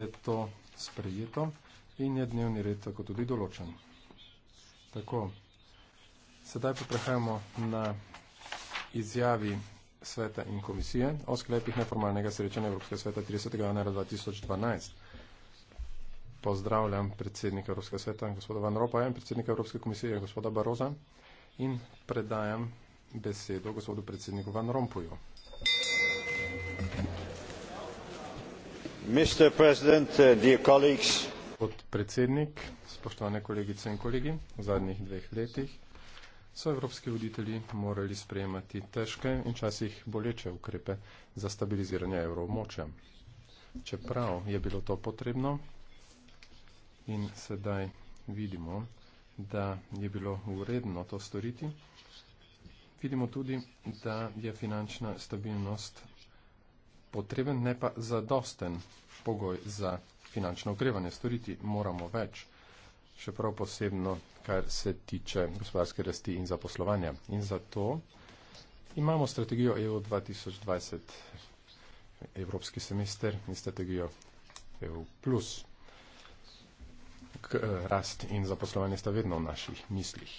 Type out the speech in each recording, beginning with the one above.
je to sprejeto in je dnevni red tako tudi določen. Tako, sedaj pa prehajamo na izjavi sveta in komisije o sklepih neformalnega srečanja Evropskega sveta 30. januara 2012. Pozdravljam predsednika Evropskega sveta, gospoda Van Ropaja in predsednika Evropske komisije, gospoda Baroza in predajam besedo gospodu predsedniku Van Rompuju. Uh, gospod predsednik spoštovane kolegice in kolegi v zadnjih dveh letih so evropski voditelji morali sprejemati težke in časih boleče ukrepe za stabiliziranje evroobmočja čeprav je bilo to potrebno in sedaj vidimo da je bilo uredno to storiti vidimo tudi da je finančna stabilnost potreben, ne pa zadosten pogoj za finančno okrevanje. Storiti moramo več, še prav posebno, kar se tiče gospodarske rasti in zaposlovanja. In zato imamo strategijo EU 2020, evropski semester in strategijo EU. K, eh, rast in zaposlovanje sta vedno v naših mislih.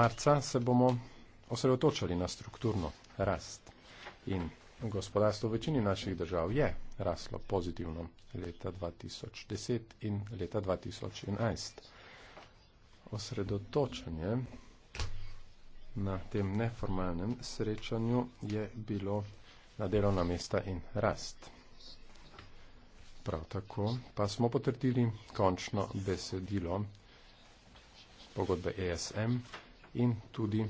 Marca se bomo osredotočali na strukturno rast in Gospodarstvo v večini naših držav je raslo pozitivno leta 2010 in leta 2011. Osredotočanje na tem neformalnem srečanju je bilo na delovna mesta in rast. Prav tako pa smo potrdili končno besedilo pogodbe ESM in tudi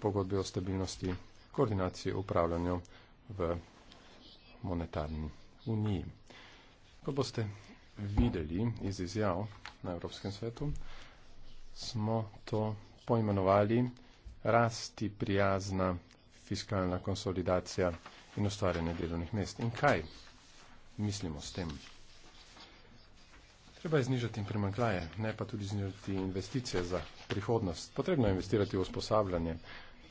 pogodbe o stabilnosti, koordinaciji, upravljanju v monetarni uniji. Ko boste videli iz izjav na Evropskem svetu, smo to poimenovali rasti prijazna fiskalna konsolidacija in ustvarjanje delovnih mest. In kaj mislimo s tem? Treba je znižati primankljaje, ne pa tudi znižati investicije za prihodnost. Potrebno je investirati v usposabljanje,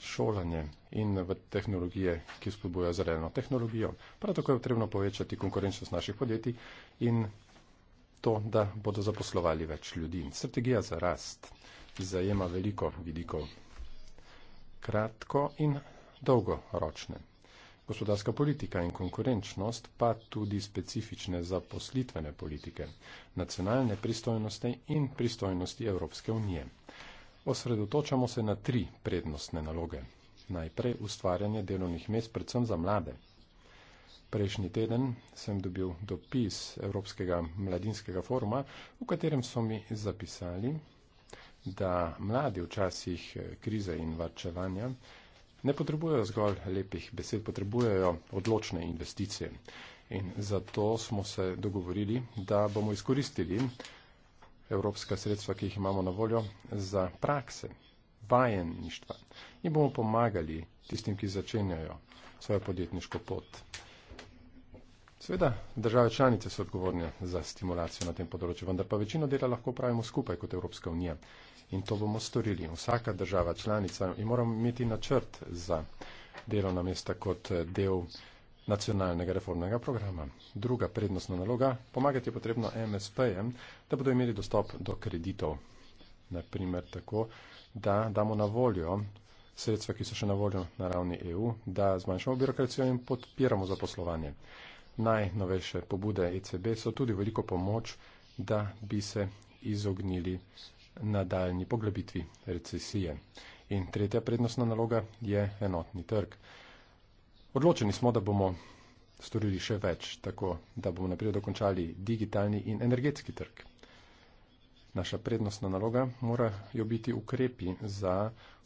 šolanje in v tehnologije, ki spodbujajo zeleno tehnologijo. Prav tako je potrebno povečati konkurenčnost naših podjetij in to, da bodo zaposlovali več ljudi. Strategija za rast zajema veliko vidikov, kratko in dolgoročne. Gospodarska politika in konkurenčnost pa tudi specifične zaposlitvene politike, nacionalne pristojnosti in pristojnosti Evropske unije osredotočamo se na tri prednostne naloge. Najprej ustvarjanje delovnih mest predvsem za mlade. Prejšnji teden sem dobil dopis Evropskega mladinskega foruma, v katerem so mi zapisali, da mladi v časih eh, krize in varčevanja ne potrebujejo zgolj lepih besed, potrebujejo odločne investicije. In zato smo se dogovorili, da bomo izkoristili evropska sredstva, ki jih imamo na voljo, za prakse, vajenništva. In bomo pomagali tistim, ki začenjajo svojo podjetniško pot. Sveda, države članice so odgovorne za stimulacijo na tem področju, vendar pa večino dela lahko pravimo skupaj kot Evropska unija. In to bomo storili. Vsaka država članica in moramo imeti načrt za delovna mesta kot del nacionalnega reformnega programa. Druga prednostna naloga, pomagati je potrebno MSP-jem, da bodo imeli dostop do kreditov. Naprimer tako, da damo na voljo sredstva, ki so še na voljo na ravni EU, da zmanjšamo birokracijo in podpiramo zaposlovanje. Najnovejše pobude ECB so tudi veliko pomoč, da bi se izognili nadaljni poglobitvi recesije. In tretja prednostna naloga je enotni trg. Odločeni smo, da bomo storili še več, tako da bomo naprej dokončali digitalni in energetski trg. Naša prednostna naloga mora jo biti ukrepi za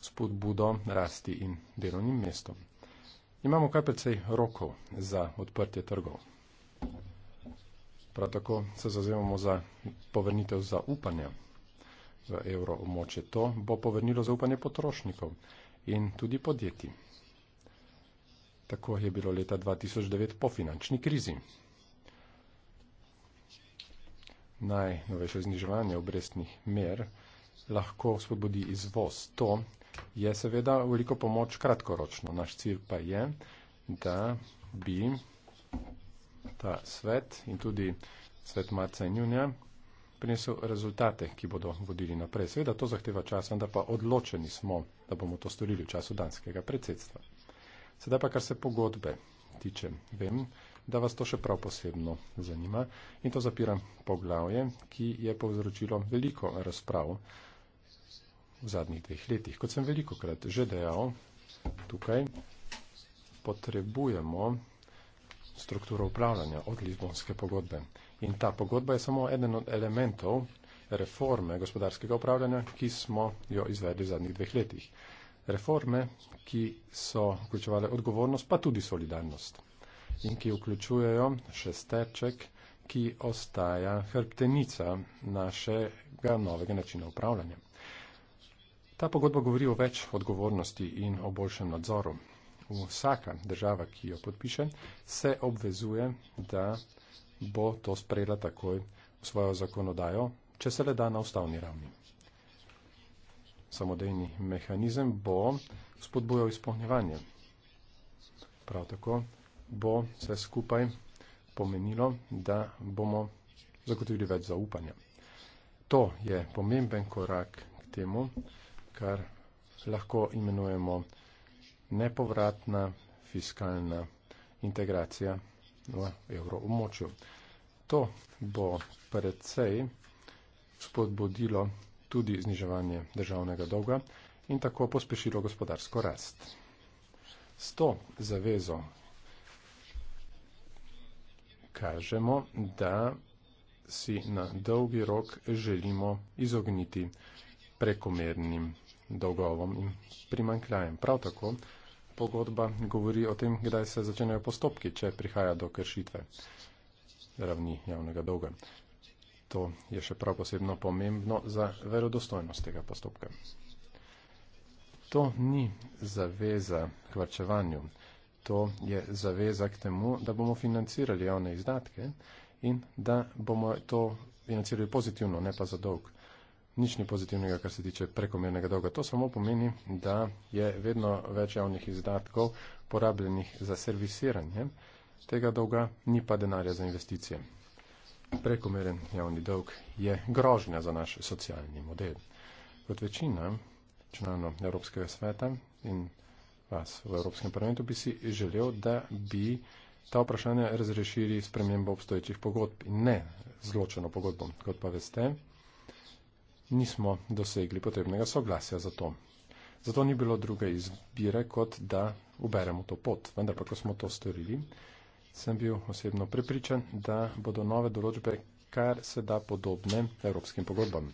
spodbudo rasti in delovnim mestom. Imamo kar precej rokov za odprtje trgov. Prav tako se zazemamo za povrnitev zaupanja v evroobmoče. To bo povrnilo zaupanje potrošnikov in tudi podjetij. Tako je bilo leta 2009 po finančni krizi. Najnovejše zniževanje obrestnih mer lahko spodbudi izvoz. To je seveda veliko pomoč kratkoročno. Naš cilj pa je, da bi ta svet in tudi svet marca in junija prinesel rezultate, ki bodo vodili naprej. Seveda to zahteva čas, vendar pa odločeni smo, da bomo to storili v času danskega predsedstva. Sedaj pa, kar se pogodbe tiče, vem, da vas to še prav posebno zanima in to zapira poglavje, ki je povzročilo veliko razprav v zadnjih dveh letih. Kot sem veliko krat že dejal, tukaj potrebujemo strukturo upravljanja od Lizbonske pogodbe. In ta pogodba je samo eden od elementov reforme gospodarskega upravljanja, ki smo jo izvedli v zadnjih dveh letih reforme, ki so vključevale odgovornost, pa tudi solidarnost in ki vključujejo šesterček, ki ostaja hrbtenica našega novega načina upravljanja. Ta pogodba govori o več odgovornosti in o boljšem nadzoru. Vsaka država, ki jo podpiše, se obvezuje, da bo to sprejela takoj v svojo zakonodajo, če se le da na ustavni ravni samodejni mehanizem bo spodbujal izpolnjevanje. Prav tako bo vse skupaj pomenilo, da bomo zagotovili več zaupanja. To je pomemben korak k temu, kar lahko imenujemo nepovratna fiskalna integracija v evroobmočju. To bo predvsej spodbudilo tudi zniževanje državnega dolga in tako pospešilo gospodarsko rast. S to zavezo kažemo, da si na dolgi rok želimo izogniti prekomernim dolgovom in primankljajem. Prav tako pogodba govori o tem, kdaj se začenjajo postopki, če prihaja do kršitve ravni javnega dolga. To je še prav posebno pomembno za verodostojnost tega postopka. To ni zaveza k varčevanju. To je zaveza k temu, da bomo financirali javne izdatke in da bomo to financirali pozitivno, ne pa za dolg. Nič ni pozitivnega, kar se tiče prekomernega dolga. To samo pomeni, da je vedno več javnih izdatkov porabljenih za servisiranje tega dolga, ni pa denarja za investicije. Prekomeren javni dolg je grožnja za naš socialni model. Kot večina članov Evropskega sveta in vas v Evropskem parlamentu bi si želel, da bi ta vprašanja razrešili spremembo obstoječih pogodb in ne zločeno pogodbo. Kot pa veste, nismo dosegli potrebnega soglasja za to. Zato ni bilo druge izbire, kot da uberemo to pot. Vendar pa, ko smo to storili, sem bil osebno prepričan, da bodo nove določbe kar se da podobne evropskim pogodbam.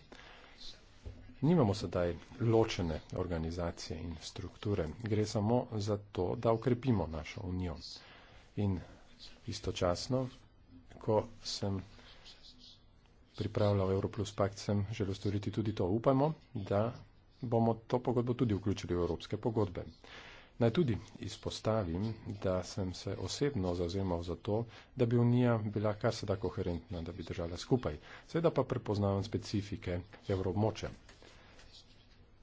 Nimamo sedaj ločene organizacije in strukture. Gre samo za to, da ukrepimo našo unijo. In istočasno, ko sem pripravljal Europlus pakt, sem želel storiti tudi to. Upamo, da bomo to pogodbo tudi vključili v evropske pogodbe. Naj tudi izpostavim, da sem se osebno zazemal za to, da bi Unija bila kar se da koherentna, da bi držala skupaj, seveda pa prepoznavam specifike evroobmočja.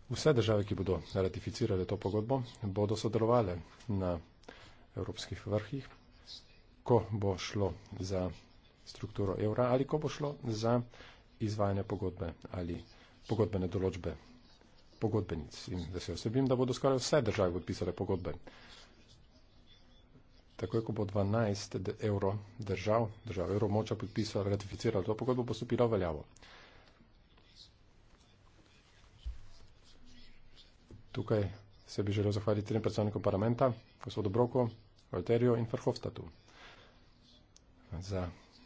Vse države, ki bodo ratificirale to pogodbo, bodo sodelovale na evropskih vrhih, ko bo šlo za strukturo evra ali ko bo šlo za izvajanje pogodbe ali pogodbene določbe pogodbenic in da se osebim, da bodo skoraj vse države podpisale pogodbe. Tako je, ko bo 12 evro držav, držav evromoča podpisala, ratificirala to pogodbo, bo stopila veljavo. Tukaj se bi želel zahvaliti trem predstavnikom parlamenta, gospodu Broko, Valterijo in Farhoftatu za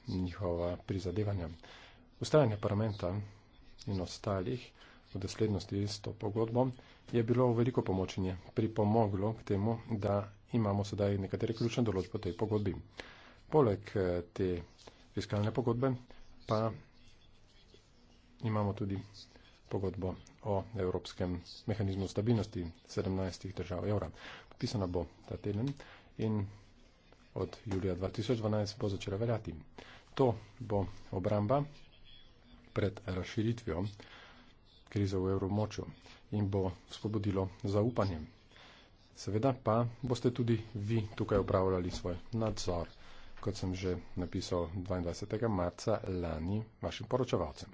njihova prizadevanja. Ustajanje parlamenta in ostalih v doslednosti s to pogodbo, je bilo veliko pomočenje pripomoglo k temu, da imamo sedaj nekatere ključne določbe v tej pogodbi. Poleg eh, te fiskalne pogodbe pa imamo tudi pogodbo o Evropskem mehanizmu stabilnosti 17 držav evra. Podpisana bo ta teden in od julija 2012 bo začela veljati. To bo obramba pred razširitvijo krize v evromočju in bo spodbudilo zaupanje. Seveda pa boste tudi vi tukaj upravljali svoj nadzor, kot sem že napisal 22. marca lani vašim poročevalcem.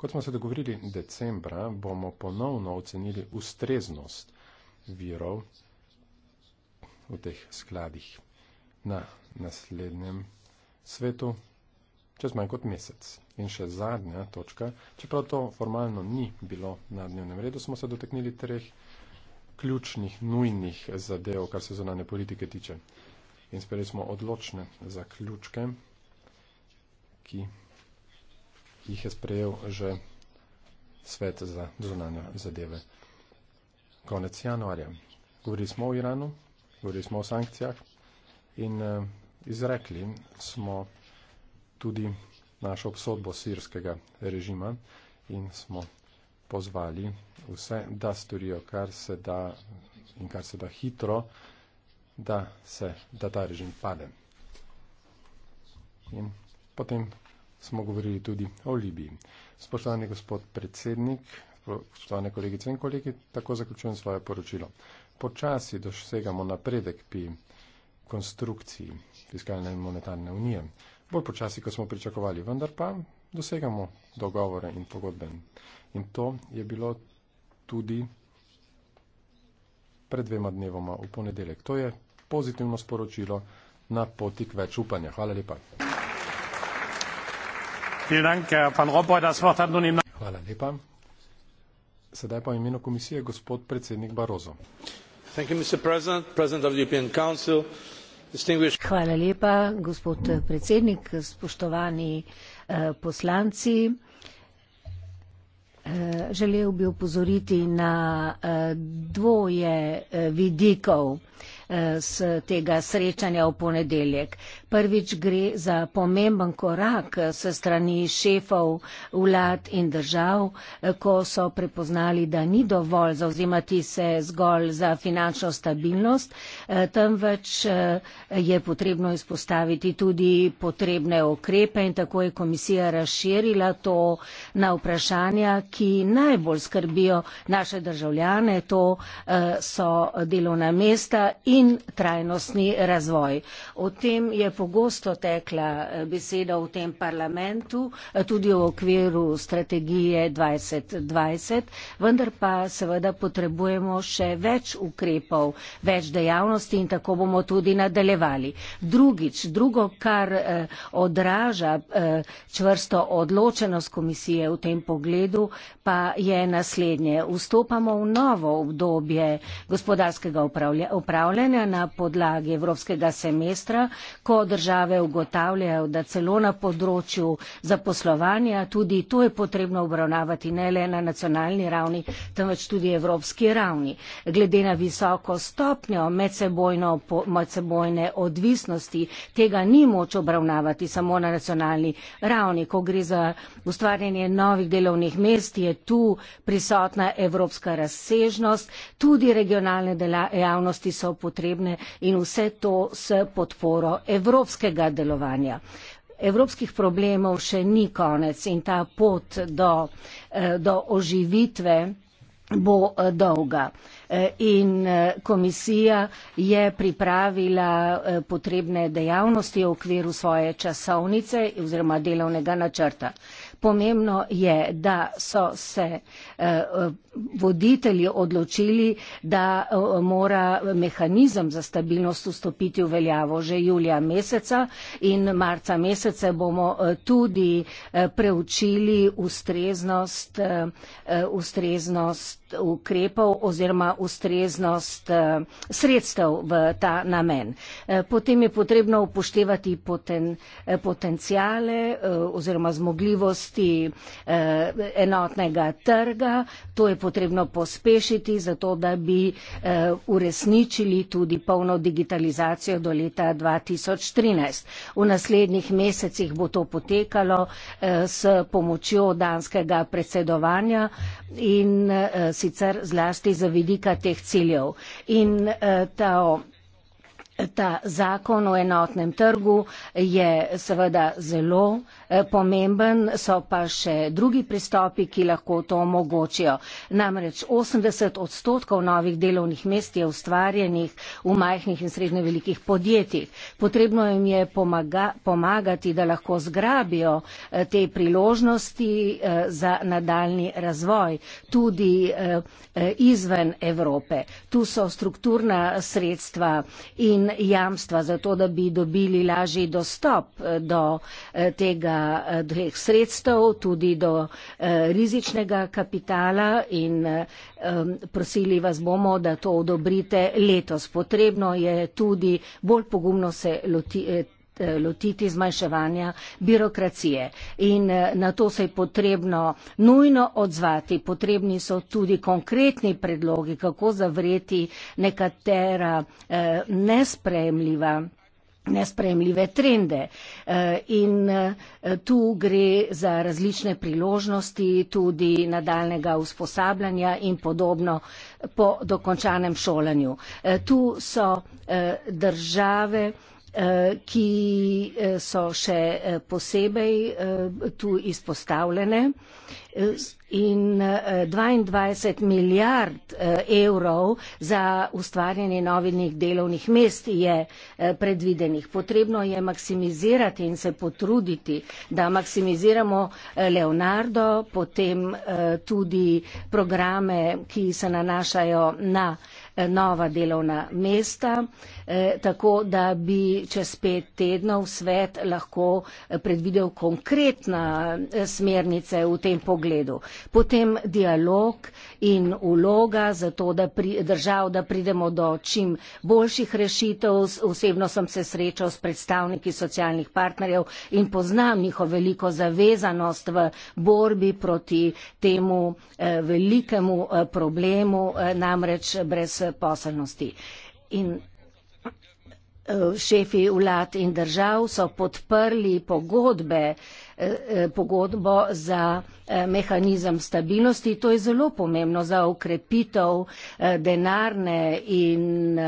Kot smo se dogovorili decembra, bomo ponovno ocenili ustreznost virov v teh skladih na naslednjem svetu čez manj kot mesec. In še zadnja točka, čeprav to formalno ni bilo na dnevnem redu, smo se dotaknili treh ključnih, nujnih zadev, kar se zunanje politike tiče. In sprejeli smo odločne zaključke, ki jih je sprejel že svet za zunanje zadeve. Konec januarja. Govorili smo o Iranu, govorili smo o sankcijah in eh, izrekli smo tudi našo obsodbo sirskega režima in smo pozvali vse, da storijo, kar se da in kar se da hitro, da, se, da ta režim pade. In potem smo govorili tudi o Libiji. Spoštovani gospod predsednik, spoštovane kolegice in kolegi, tako zaključujem svoje poročilo. Počasi dosegamo napredek pri konstrukciji fiskalne in monetarne unije bolj počasi, kot smo pričakovali, vendar pa dosegamo dogovore in pogodbe. In to je bilo tudi pred dvema dnevoma v ponedeljek. To je pozitivno sporočilo na poti k več upanja. Hvala lepa. Hvala lepa. Sedaj pa imeno komisije gospod predsednik Barozo. Thank you, Mr. President, President of the European Council. Hvala lepa, gospod predsednik, spoštovani eh, poslanci. Eh, želel bi upozoriti na eh, dvoje vidikov z tega srečanja v ponedeljek. Prvič gre za pomemben korak se strani šefov vlad in držav, ko so prepoznali, da ni dovolj zauzimati se zgolj za finančno stabilnost, temveč je potrebno izpostaviti tudi potrebne okrepe in tako je komisija razširila to na vprašanja, ki najbolj skrbijo naše državljane, to so delovna mesta in in trajnostni razvoj. O tem je pogosto tekla eh, beseda v tem parlamentu, eh, tudi v okviru strategije 2020, vendar pa seveda potrebujemo še več ukrepov, več dejavnosti in tako bomo tudi nadaljevali. Drugič, drugo, kar eh, odraža čvrsto odločenost komisije v tem pogledu, pa je naslednje. Vstopamo v novo obdobje gospodarskega upravljanja zavedanja na podlagi evropskega semestra, ko države ugotavljajo, da celo na področju zaposlovanja tudi to je potrebno obravnavati ne le na nacionalni ravni, temveč tudi evropski ravni. Glede na visoko stopnjo medsebojne odvisnosti tega ni moč obravnavati samo na nacionalni ravni. Ko gre za ustvarjanje novih delovnih mest, je tu prisotna evropska razsežnost, tudi regionalne javnosti so potrebne potrebne in vse to s podporo evropskega delovanja. Evropskih problemov še ni konec in ta pot do, eh, do oživitve bo eh, dolga. Eh, in komisija je pripravila potrebne dejavnosti v okviru svoje časovnice oziroma delovnega načrta. Pomembno je, da so se eh, voditelji odločili, da eh, mora mehanizem za stabilnost vstopiti v veljavo že julija meseca in marca mesece bomo eh, tudi preučili ustreznost, ustreznost ukrepov oziroma ustreznost sredstev v ta namen. Potem je potrebno upoštevati poten, potencijale oziroma zmogljivost možnosti eh, enotnega trga. To je potrebno pospešiti, zato da bi eh, uresničili tudi polno digitalizacijo do leta 2013. V naslednjih mesecih bo to potekalo eh, s pomočjo danskega predsedovanja in eh, sicer zlasti za vidika teh ciljev. In, eh, ta zakon o enotnem trgu je seveda zelo eh, pomemben, so pa še drugi pristopi, ki lahko to omogočijo. Namreč 80 odstotkov novih delovnih mest je ustvarjenih v majhnih in srednje velikih podjetjih. Potrebno jim je pomaga, pomagati, da lahko zgrabijo eh, te priložnosti eh, za nadaljni razvoj, tudi izven Evrope. Tu so strukturna sredstva in jamstva za to, da bi dobili lažji dostop eh, do eh, tega eh, dveh sredstev, tudi do rizičnega kapitala in prosili vas bomo, da to odobrite letos. Potrebno je tudi bolj pogumno se lotiti Eh, lotiti zmanjševanja birokracije. In eh, na to se je potrebno nujno odzvati. Potrebni so tudi konkretni predlogi, kako zavreti nekatera eh, nesprejemljiva nespremljive trende. In tu gre za različne priložnosti tudi nadaljnega usposabljanja in podobno po dokončanem šolanju. Tu so države Eh, ki eh, so še eh, posebej tu izpostavljene. In 22 milijard evrov za ustvarjanje novinih delovnih mest je predvidenih. Potrebno je maksimizirati in se potruditi, da maksimiziramo Leonardo, potem tudi programe, ki se nanašajo na Eh, nova delovna mesta, eh, tako da bi čez pet tednov svet lahko eh, predvidel konkretna smernice v tem pogledu. Potem dialog in uloga za to, da držav, da pridemo do čim boljših rešitev. Osebno sem se srečal s predstavniki socialnih partnerjev in poznam njihov veliko zavezanost v borbi proti temu velikemu problemu, namreč brez brezposelnosti. In eh, šefi vlad in držav so podprli pogodbe, Eh, eh, pogodbo za eh, mehanizem stabilnosti. To je zelo pomembno za ukrepitev denarne in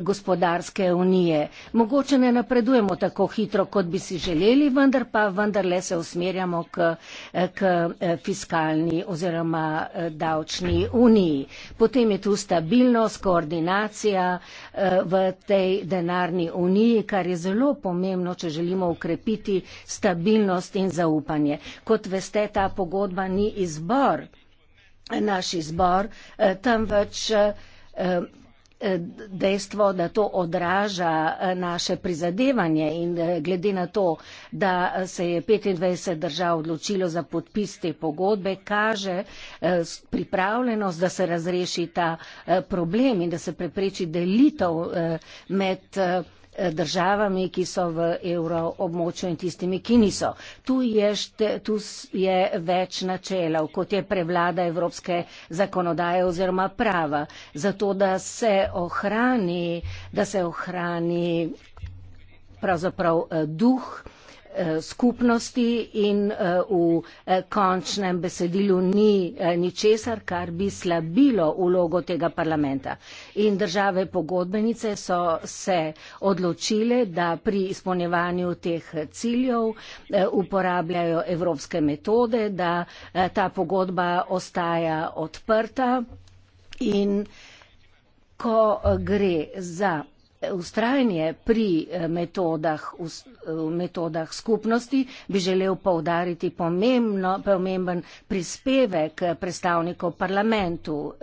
gospodarske unije. Mogoče ne napredujemo tako hitro, kot bi si želeli, vendar pa vendarle se usmerjamo k, k fiskalni oziroma davčni uniji. Potem je tu stabilnost, koordinacija v tej denarni uniji, kar je zelo pomembno, če želimo ukrepiti stabilnost verjetnost in zaupanje. Kot veste, ta pogodba ni izbor, naš izbor, eh, temveč eh, eh, dejstvo, da to odraža naše prizadevanje in glede na to, da se je 25 držav odločilo za podpis te pogodbe, kaže pripravljenost, da se razreši ta problem in da se prepreči delitev med državami, ki so v evroobmočju in tistimi, ki niso. Tu je, šte, tu je več načelov, kot je prevlada evropske zakonodaje oziroma prava, zato da se ohrani, da se ohrani pravzaprav eh, duh Eh, skupnosti in eh, v eh, končnem besedilu ni ničesar, kar bi slabilo ulogo tega parlamenta. In države pogodbenice so se odločile, da pri izpolnjevanju teh ciljev uporabljajo evropske metode, da ta pogodba ostaja odprta in ko gre za Ustrajanje pri eh, metodah, eh, metodah skupnosti bi želel povdariti pomembno, pomemben prispevek eh, predstavnikov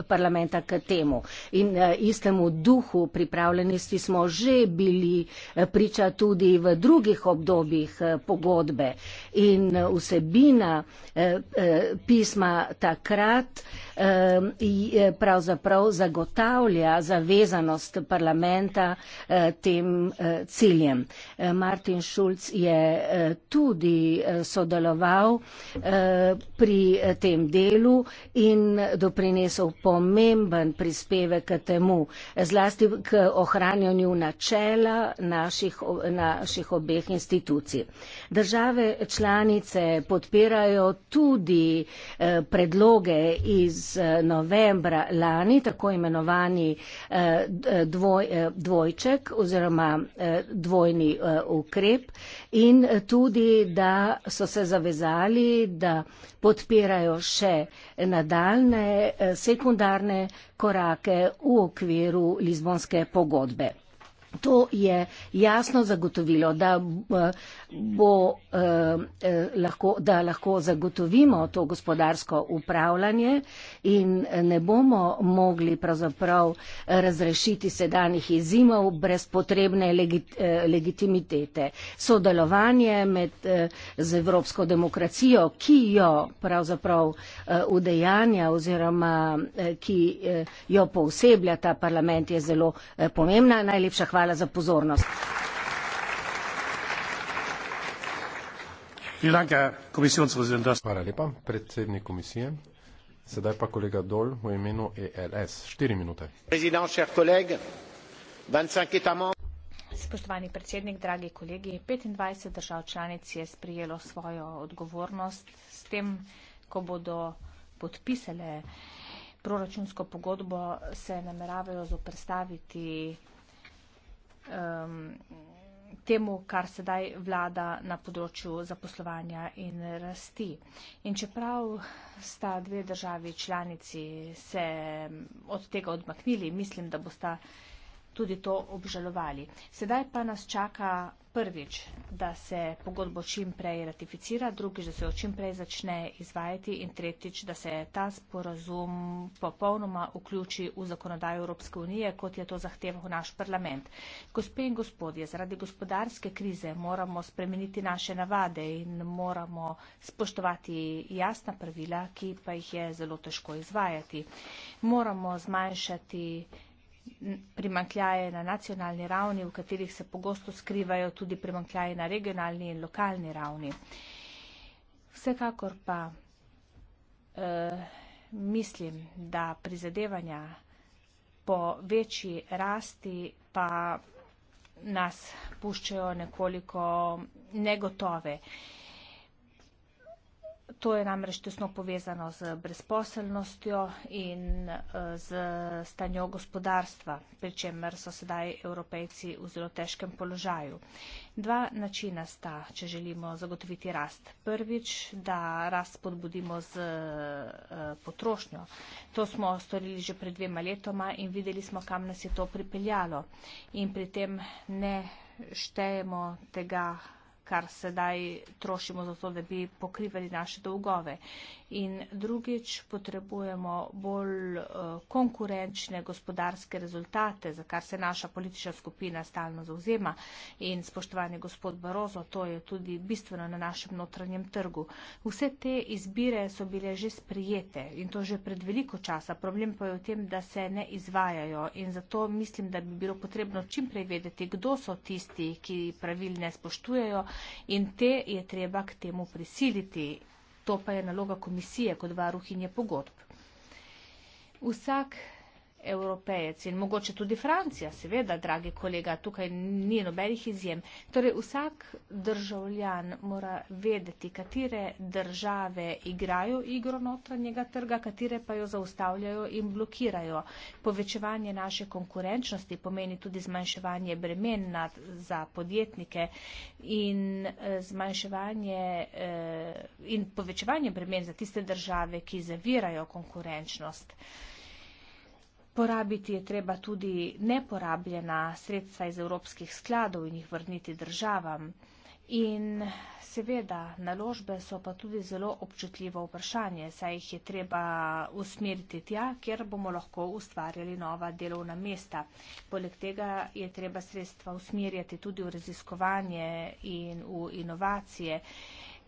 parlamenta k temu. In istemu duhu pripravljenosti smo že bili priča tudi v drugih obdobjih pogodbe. In vsebina pisma takrat Eh, pravzaprav zagotavlja zavezanost parlamenta eh, tem eh, ciljem. Martin Šulc je tudi sodeloval pri tem delu in doprinesel pomemben prispevek k temu, zlasti k ohranjanju načela naših, naših obeh institucij. Države članice podpirajo tudi predloge iz Eh, novembra lani, tako imenovani eh, dvoj, eh, dvojček oziroma dvojni ukrep in tudi, da so se zavezali, da podpirajo še nadaljne sekundarne korake v okviru Lizbonske pogodbe. To je jasno zagotovilo, da, bo, eh, eh, lahko, da lahko zagotovimo to gospodarsko upravljanje in ne bomo mogli pravzaprav eh, razrešiti sedanjih izzimov brez potrebne legit, eh, legitimitete. Sodelovanje med, eh, z evropsko demokracijo, ki jo pravzaprav eh, udejanja oziroma eh, ki eh, jo posebja ta parlament, je zelo eh, pomembna. Najlepša hvala hvala za pozornost. Hvala lepa, predsednik komisije. Sedaj pa kolega Dol v imenu ELS. Štiri minute. Spoštovani predsednik, dragi kolegi, 25 držav članic je sprijelo svojo odgovornost s tem, ko bodo podpisale proračunsko pogodbo, se nameravajo zoprstaviti um, temu, kar sedaj vlada na področju zaposlovanja in rasti. In čeprav sta dve državi članici se od tega odmaknili, mislim, da bosta tudi to obžalovali. Sedaj pa nas čaka prvič, da se pogodbo čim prej ratificira, drugič, da se jo čim prej začne izvajati in tretjič, da se ta sporazum popolnoma vključi v zakonodajo Evropske unije, kot je to zahteval naš parlament. Gospe in gospodje, zaradi gospodarske krize moramo spremeniti naše navade in moramo spoštovati jasna pravila, ki pa jih je zelo težko izvajati. Moramo zmanjšati primankljaje na nacionalni ravni, v katerih se pogosto skrivajo tudi primankljaje na regionalni in lokalni ravni. Vsekakor pa eh, mislim, da prizadevanja po večji rasti pa nas puščajo nekoliko negotove. Eh, To je namreč tesno povezano z brezposelnostjo in eh, z stanjo gospodarstva, pri čemer so sedaj evropejci v zelo težkem položaju. Dva načina sta, če želimo zagotoviti rast. Prvič, da rast podbudimo z eh, potrošnjo. To smo storili že pred dvema letoma in videli smo, kam nas je to pripeljalo. In pri tem ne štejemo tega kar sedaj trošimo za to, da bi pokrivali naše dolgove. In drugič, potrebujemo bolj eh, konkurenčne gospodarske rezultate, za kar se naša politična skupina stalno zauzema. In spoštovani gospod Barozo, to je tudi bistveno na našem notranjem trgu. Vse te izbire so bile že sprijete in to že pred veliko časa. Problem pa je v tem, da se ne izvajajo in zato mislim, da bi bilo potrebno čim prej vedeti, kdo so tisti, ki pravil ne spoštujejo in te je treba k temu prisiliti. To pa je naloga komisije kot varuhinje pogodb. Vsak evropejec in mogoče tudi Francija, seveda, dragi kolega, tukaj ni nobenih izjem. Torej, vsak državljan mora vedeti, katere države igrajo igro notranjega trga, katere pa jo zaustavljajo in blokirajo. Povečevanje naše konkurenčnosti pomeni tudi zmanjševanje bremen nad, za podjetnike in, eh, zmanjševanje, eh, in povečevanje bremen za tiste države, ki zavirajo konkurenčnost. Porabiti je treba tudi neporabljena sredstva iz evropskih skladov in jih vrniti državam. In seveda, naložbe so pa tudi zelo občutljivo vprašanje, saj jih je treba usmeriti tja, kjer bomo lahko ustvarjali nova delovna mesta. Poleg tega je treba sredstva usmerjati tudi v raziskovanje in v inovacije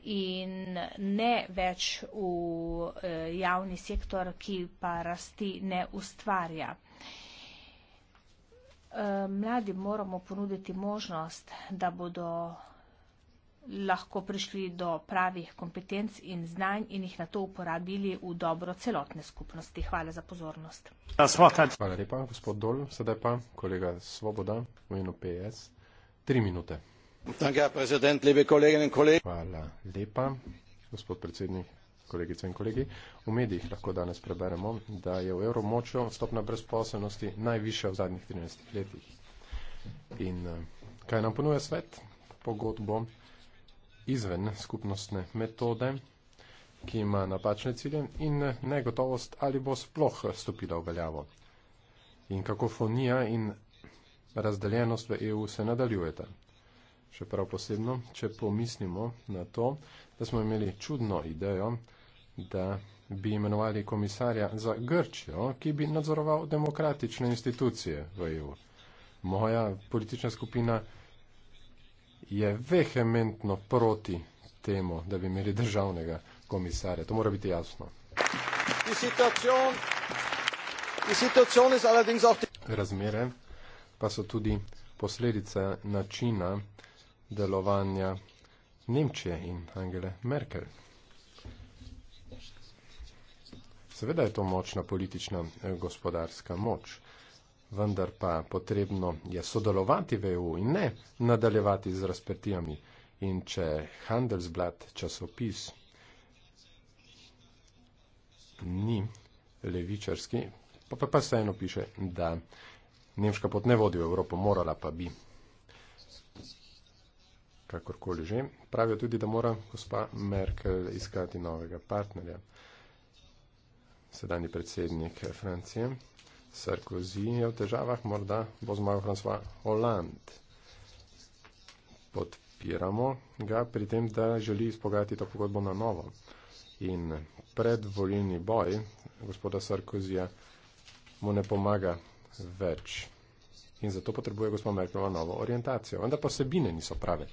in ne več v eh, javni sektor, ki pa rasti ne ustvarja. Eh, mladi moramo ponuditi možnost, da bodo lahko prišli do pravih kompetenc in znanj in jih na to uporabili v dobro celotne skupnosti. Hvala za pozornost. Hvala lepa, gospod Dol. Sedaj pa kolega Svoboda v NOPS. Tri minute herr präsident liebe kolleginnen und kollegen! hvala lepa gospod predsednik kolegice in kolegi v medijih lahko danes preberemo da je v evroobmočju stopnja brezposelnosti najvišja v zadnjih trinajstih letih in eh, kaj nam ponuja svet pogodbo izven skupnostne metode ki ima napačne cilje in eh, negotovost ali bo sploh stopila v veljavo in kakofonija in razdeljenost v EU se nadaljujeta še prav posebno, če pomislimo na to, da smo imeli čudno idejo, da bi imenovali komisarja za Grčijo, ki bi nadzoroval demokratične institucije v EU. Moja politična skupina je vehementno proti temu, da bi imeli državnega komisarja. To mora biti jasno. Razmere pa so tudi posledica načina, delovanja Nemčije in Angele Merkel. Seveda je to močna politična eh, gospodarska moč, vendar pa potrebno je sodelovati v EU in ne nadaljevati z razpetijami. In če Handelsblad časopis ni levičarski, pa pa se eno piše, da nemška pot ne vodi v Evropo, morala pa bi kakorkoli že. Pravijo tudi, da mora gospa Merkel iskati novega partnerja. Sedanji predsednik Francije, Sarkozy je v težavah, morda bo zmagal François Hollande. Podpiramo ga pri tem, da želi izpogajati to pogodbo na novo. In predvoljni boj gospoda Sarkozyja mu ne pomaga več. In zato potrebuje gospod Merkel novo orientacijo. Vendar pa sebine niso prave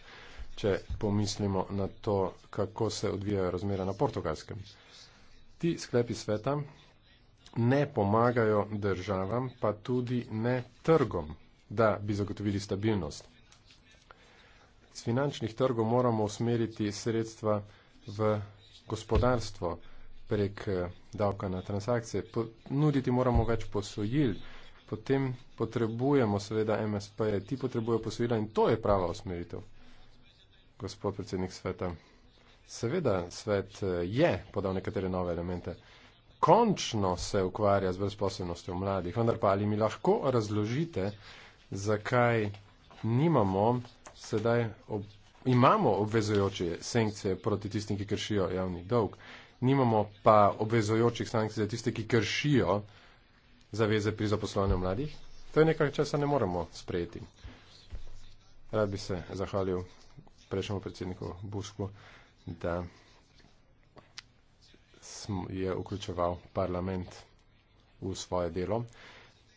če pomislimo na to, kako se odvijajo razmere na portugalskem. Ti sklepi sveta ne pomagajo državam, pa tudi ne trgom, da bi zagotovili stabilnost. Z finančnih trgov moramo usmeriti sredstva v gospodarstvo prek eh, davka na transakcije. Po, nuditi moramo več posojil, potem potrebujemo seveda MSP, ti potrebujo posojila in to je prava usmeritev gospod predsednik sveta. Seveda, svet eh, je podal nekatere nove elemente. Končno se ukvarja z brezposobnostjo mladih, vendar pa ali mi lahko razložite, zakaj nimamo sedaj, ob, imamo obvezojoče sankcije proti tistim, ki kršijo javni dolg, nimamo pa obvezojočih sankcij za tiste, ki kršijo zaveze pri zaposlovanju mladih. To je nekaj, česa ne moremo sprejeti. Rad bi se zahvalil prejšnjemu predsedniku Bušku, da je vključeval parlament v svoje delo.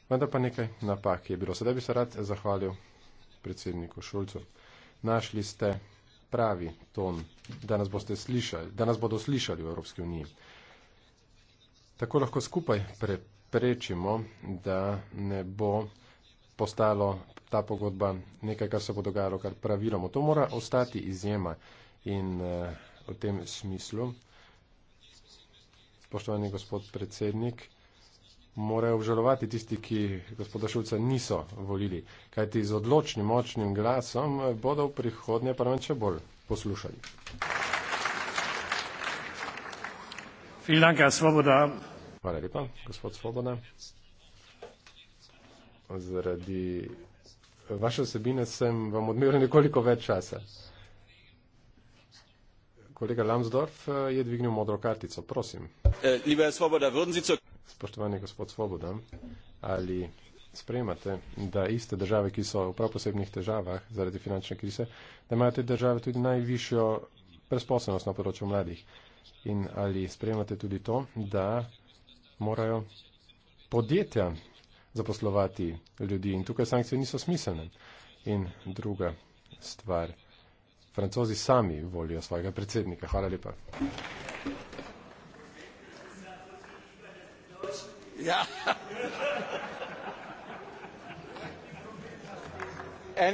Vendar pa nekaj napak je bilo. Sedaj bi se rad zahvalil predsedniku Šulcu. Našli ste pravi ton, da nas, slišali, da nas bodo slišali v Evropski uniji. Tako lahko skupaj preprečimo, da ne bo postalo ta pogodba nekaj, kar se bo dogajalo kar praviloma. To mora ostati izjema in uh, v tem smislu, spoštovani gospod predsednik, morajo obžalovati tisti, ki gospoda Šulca niso volili, kajti z odločnim, močnim glasom bodo v prihodnje pa nam če bolj poslušali. Hvala lepa, gospod Svoboda. Zaradi vaše osebine sem vam odmeril nekoliko več časa. Kolega Lamsdorf eh, je dvignil modro kartico. Prosim. Eh, Spoštovani gospod Svoboda, ali spremate, da iste države, ki so v prav posebnih težavah zaradi finančne krize, da imajo te države tudi najvišjo presposobnost na področju mladih? In ali spremate tudi to, da morajo podjetja zaposlovati ljudi in tukaj sankcije niso smiselne. In druga stvar, francozi sami volijo svojega predsednika. Hvala lepa. Ja. Na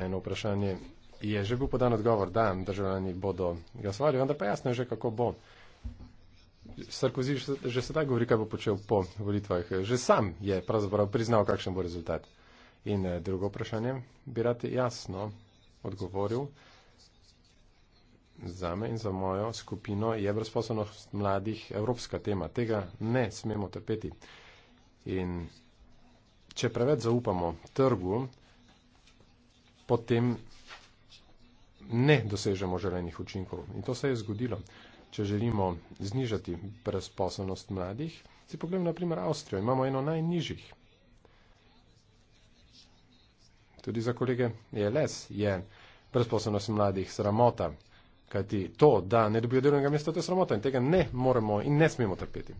eno vprašanje je že bil podan odgovor, da državljani bodo glasovali, vendar pa jasno je že, kako bo. Sarkozy že sedaj govori, kaj bo počel po volitvah. Že sam je pravzaprav priznal, kakšen bo rezultat. In eh, drugo vprašanje bi rad jasno odgovoril. Za me in za mojo skupino je brezposobnost mladih evropska tema. Tega ne smemo trpeti. In če preveč zaupamo trgu, potem ne dosežemo želenih učinkov. In to se je zgodilo če želimo znižati brezposobnost mladih, si poglejmo na primer Avstrijo, imamo eno najnižjih. Tudi za kolege ELS je brezposobnost mladih sramota, kajti to, da ne dobijo delovnega mesta, to je sramota in tega ne moremo in ne smemo trpeti.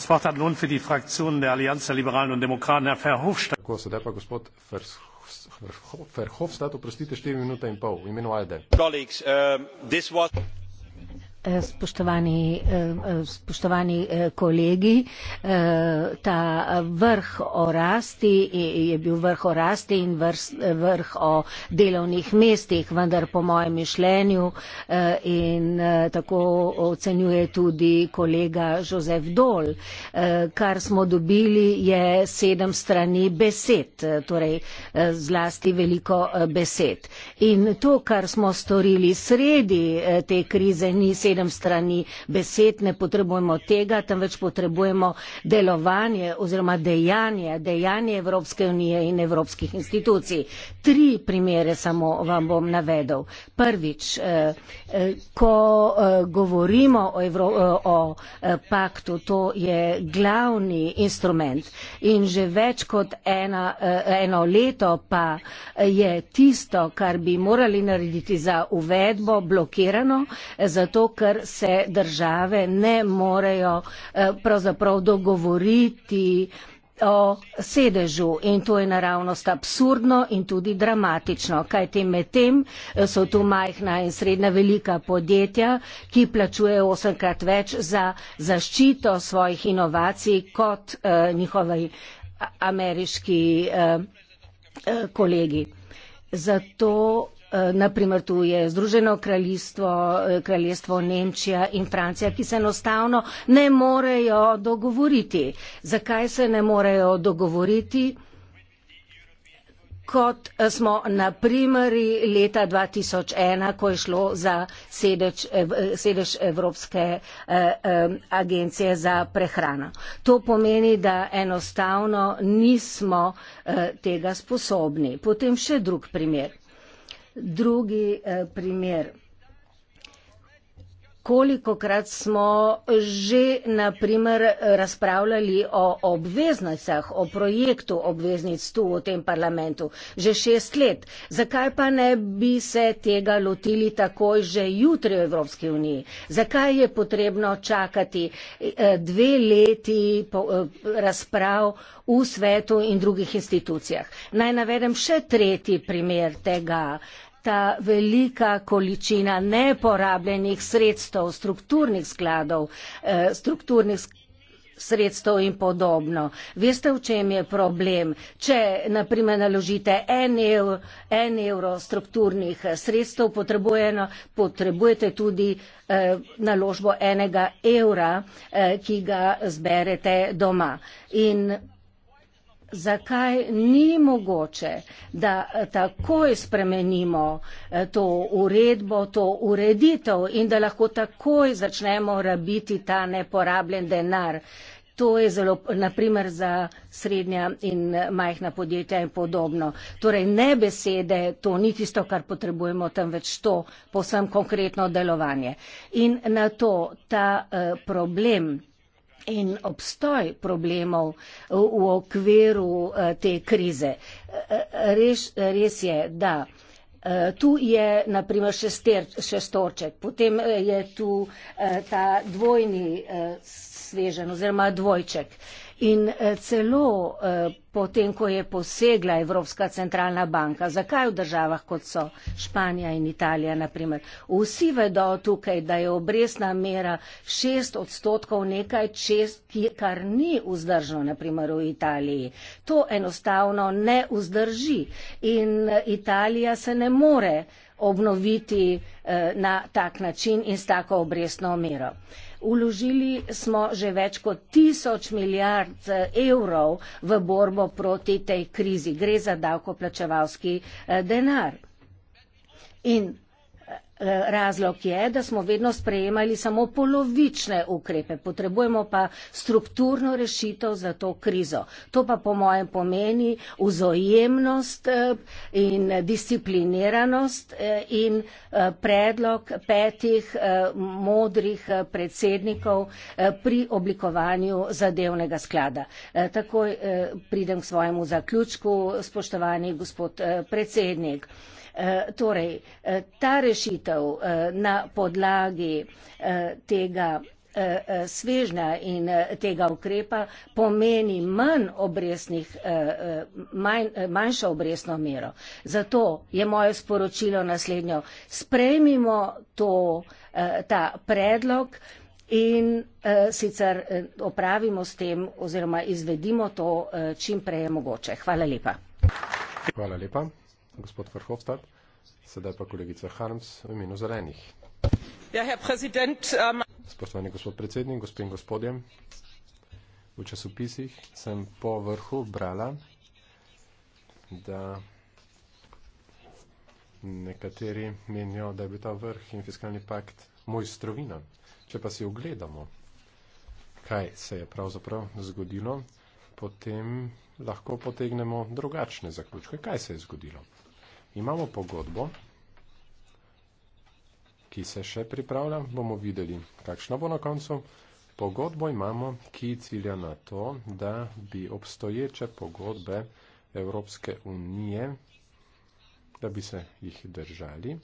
Svart hat nun für die Fraktion der Allianz der Liberalen und Demokraten Herr Verhofstadt. Tako, sedaj pa gospod Verhofstadt, oprostite, 4 minute in pol, v imenu Alde. Colleagues, uh, this was... Eh, spoštovani, eh, eh, spoštovani kolegi, ta vrh o rasti je bil vrh o rasti in vrh o delovnih mestih, vendar po mojem mišljenju in tako ocenjuje tudi kolega Jozef Dol, kar smo dobili je sedem strani besed, torej zlasti veliko besed. In to, kar smo storili sredi te krize, ni sedem sedem strani besed, ne potrebujemo tega, temveč potrebujemo delovanje oziroma dejanje, dejanje Evropske unije in evropskih institucij. Tri primere samo vam bom navedel. Prvič, eh, eh, ko eh, govorimo o, Evro, o paktu, to je glavni instrument in že več kot ena, eno leto pa je tisto, kar bi morali narediti za uvedbo, blokirano, zato ker se države ne morejo eh, pravzaprav dogovoriti o sedežu in to je naravnost absurdno in tudi dramatično, kaj tem med eh, tem so tu majhna in srednja velika podjetja, ki plačujejo osemkrat več za zaščito svojih inovacij kot eh, njihovi eh, ameriški eh, kolegi. Zato Eh, naprimer tu je Združeno kraljestvo, eh, kraljestvo Nemčija in Francija, ki se enostavno ne morejo dogovoriti. Zakaj se ne morejo dogovoriti? kot eh, smo na primeri leta 2001, ko je šlo za sedež, sedež Evropske eh, eh, agencije za prehrano. To pomeni, da enostavno nismo eh, tega sposobni. Potem še drug primer. Drugi eh, primer. Kolikokrat smo že naprimer razpravljali o obveznicah, o projektu obveznic tu v tem parlamentu? Že šest let. Zakaj pa ne bi se tega lotili takoj že jutri v Evropski uniji? Zakaj je potrebno čakati eh, dve leti eh, razprav v svetu in drugih institucijah? Naj navedem še tretji primer tega ta velika količina neporabljenih sredstev, strukturnih skladov, eh, strukturnih sredstev in podobno. Veste, v čem je problem? Če, naprimer, naložite en, ev, en evro strukturnih eh, sredstev, potrebujete tudi eh, naložbo enega evra, eh, ki ga zberete doma. In zakaj ni mogoče, da takoj spremenimo eh, to uredbo, to ureditev in da lahko takoj začnemo rabiti ta neporabljen denar. To je zelo, naprimer, za srednja in eh, majhna podjetja in podobno. Torej, ne besede, to ni tisto, kar potrebujemo, temveč to posebno konkretno delovanje. In na to ta uh, problem in obstoj problemov v okviru eh, te krize. Eh, res, res je, da eh, tu je naprimer šester, šestorček, potem je tu ta dvojni svežen oziroma dvojček in eh, celo eh, potem, ko je posegla Evropska centralna banka, zakaj v državah, kot so Španija in Italija, naprimer. Vsi vedo tukaj, da je obresna mera šest odstotkov nekaj, čest, kar ni vzdržno, naprimer v Italiji. To enostavno ne vzdrži in eh, Italija se ne more obnoviti na tak način in s tako obresno mero. Uložili smo že več kot tisoč milijard eh, evrov v borbo proti tej krizi. Gre za davkoplačevalski eh, denar. In Razlog je, da smo vedno sprejemali samo polovične ukrepe, potrebujemo pa strukturno rešitev za to krizo. To pa po mojem pomeni vzojemnost eh, in discipliniranost eh, in eh, predlog petih modrih predsednikov pri oblikovanju zadevnega sklada. Takoj pridem k svojemu zaključku, spoštovani gospod predsednik. Eh, torej, eh, ta rešitev eh, na podlagi tega svežnja in tega ukrepa pomeni manj obresnih, manj, manjšo obresno mero. Zato je moje sporočilo naslednjo. Sprejmimo to, ta predlog in sicer opravimo s tem oziroma izvedimo to čim prej mogoče. Hvala lepa. Hvala lepa gospod Verhofstadt, sedaj pa kolegica Harms v imenu zelenih. Ja, herr Präsident. Um... Spoštovani gospod predsednik, gospod in gospodje, v časopisih sem po vrhu brala, da nekateri menijo, da je bil ta vrh in fiskalni pakt mojstrovina. Če pa si ogledamo, kaj se je pravzaprav zgodilo, potem lahko potegnemo drugačne zaključke. Kaj se je zgodilo? imamo pogodbo, ki se še pripravlja, bomo videli, kakšna bo na koncu. Pogodbo imamo, ki cilja na to, da bi obstoječe pogodbe Evropske unije, da bi se jih držali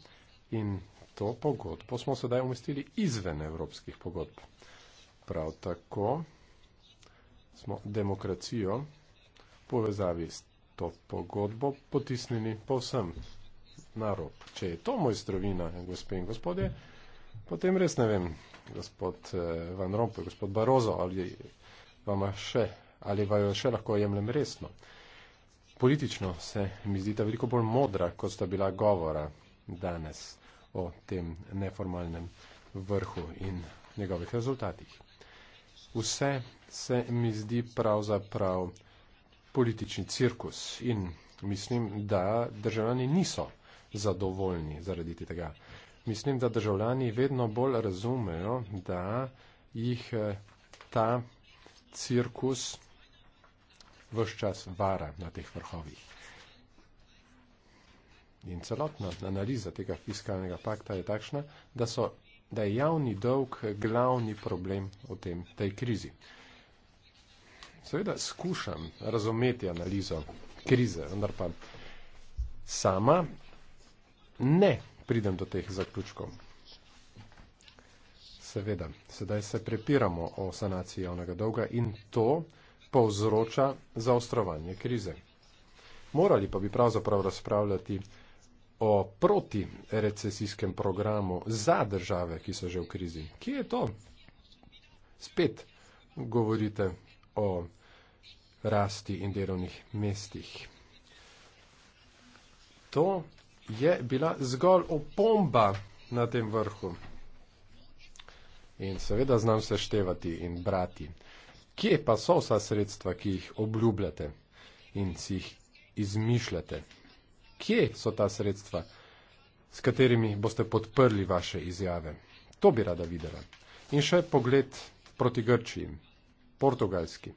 in to pogodbo smo sedaj umestili izven evropskih pogodb. Prav tako smo demokracijo povezavi s to pogodbo potisnili povsem na rob. Če je to mojstrovina, gospe in gospode, potem res ne vem, gospod eh, Van Rompuy, gospod Barozo, ali vam še, ali vajo še lahko jemljem resno. Politično se mi zdita veliko bolj modra, kot sta bila govora danes o tem neformalnem vrhu in njegovih rezultatih. Vse se mi zdi pravzaprav prav politični cirkus in mislim, da državljani niso zadovoljni zaradi tega. Mislim, da državljani vedno bolj razumejo, da jih eh, ta cirkus vse čas vara na teh vrhovih. In celotna analiza tega fiskalnega pakta je takšna, da, so, da je javni dolg glavni problem v tem, tej krizi seveda skušam razumeti analizo krize, vendar pa sama ne pridem do teh zaključkov. Seveda, sedaj se prepiramo o sanaciji javnega dolga in to povzroča zaostrovanje krize. Morali pa bi pravzaprav razpravljati o protirecesijskem programu za države, ki so že v krizi. Kje je to? Spet govorite o rasti in delovnih mestih. To je bila zgolj opomba na tem vrhu. In seveda znam seštevati in brati. Kje pa so vsa sredstva, ki jih obljubljate in si jih izmišljate? Kje so ta sredstva, s katerimi boste podprli vaše izjave? To bi rada videla. In še pogled proti Grčiji portugalski.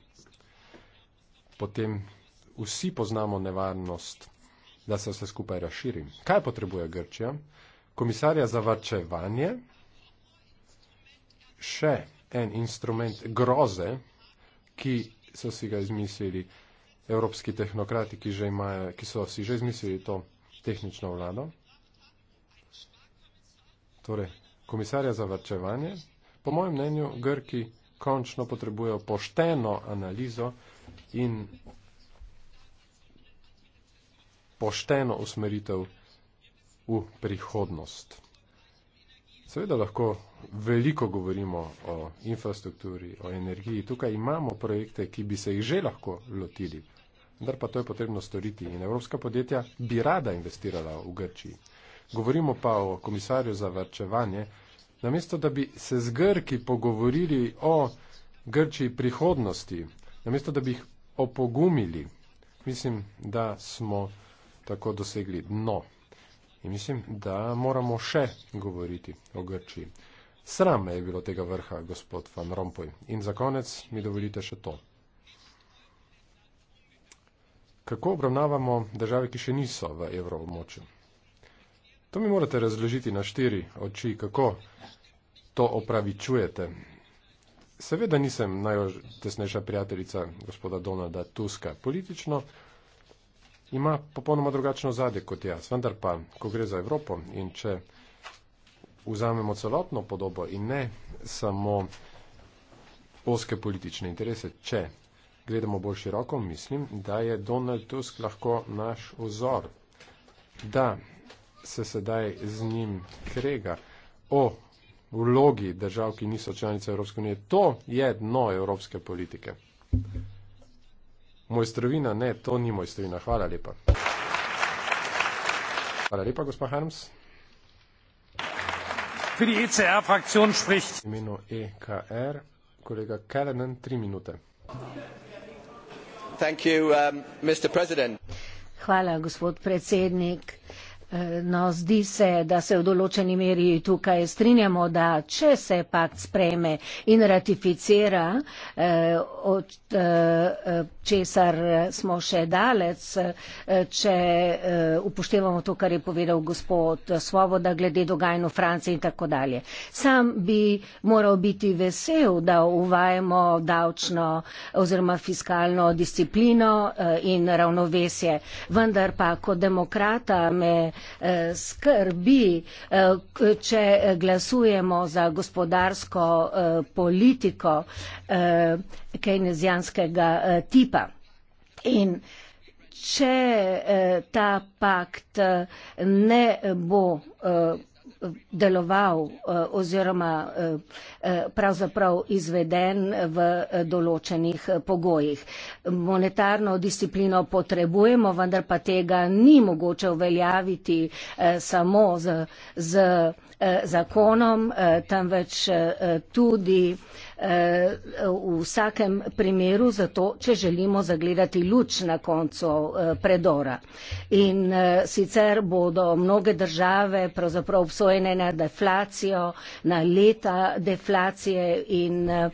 Potem vsi poznamo nevarnost, da se vse skupaj razširi. Kaj potrebuje Grčija? Komisarja za varčevanje, še en instrument groze, ki so si ga izmislili evropski tehnokrati, ki, imajo, ki so si že izmislili to tehnično vlado. Torej, komisarja za varčevanje, po mojem mnenju, Grki končno potrebujejo pošteno analizo in pošteno usmeritev v prihodnost. Seveda lahko veliko govorimo o infrastrukturi, o energiji. Tukaj imamo projekte, ki bi se jih že lahko lotili, vendar pa to je potrebno storiti in evropska podjetja bi rada investirala v Grčiji. Govorimo pa o komisarju za vrčevanje, namesto da bi se z Grki pogovorili o Grči prihodnosti, namesto da bi jih opogumili, mislim, da smo tako dosegli dno. In mislim, da moramo še govoriti o Grči. Sram je bilo tega vrha, gospod Van Rompuy. In za konec mi dovolite še to. Kako obravnavamo države, ki še niso v evroobmočju? To mi morate razložiti na štiri oči, kako to opravičujete. Seveda nisem najtesnejša prijateljica gospoda Donalda Tuska. Politično ima popolnoma drugačno zadje kot jaz. Vendar pa, ko gre za Evropo in če vzamemo celotno podobo in ne samo oske politične interese, če gledamo bolj široko, mislim, da je Donald Tusk lahko naš vzor. Da se sedaj z njim krega o vlogi držav, ki niso članice Evropske unije. To je dno evropske politike. Mojstrovina, ne, to ni mojstrovina. Hvala lepa. Hvala lepa, gospa Harms. Pri ECR frakcion spricht. Imeno EKR, kolega Kellenen, tri minute. Thank you, um, Hvala, gospod predsednik. No, zdi se, da se v določeni meri tukaj strinjamo, da če se pakt spreme in ratificira, eh, od eh, česar smo še dalec, eh, če upoštevamo to, kar je povedal gospod Svoboda glede dogajanja v Franciji in tako dalje. Sam bi moral biti vesel, da uvajamo davčno oziroma fiskalno disciplino in ravnovesje, vendar pa kot demokrata me Eh, skrbi, eh, če glasujemo za gospodarsko eh, politiko kejnezijanskega tipa. In če ta pakt ne bo deloval eh, oziroma eh, eh, pravzaprav izveden v določenih pogojih. Monetarno disciplino potrebujemo, vendar pa tega ni mogoče uveljaviti samo z, z zakonom, temveč tudi v vsakem primeru zato, če želimo zagledati luč na koncu eh, predora. In eh, sicer bodo mnoge države pravzaprav obsojene na deflacijo, na leta deflacije in eh,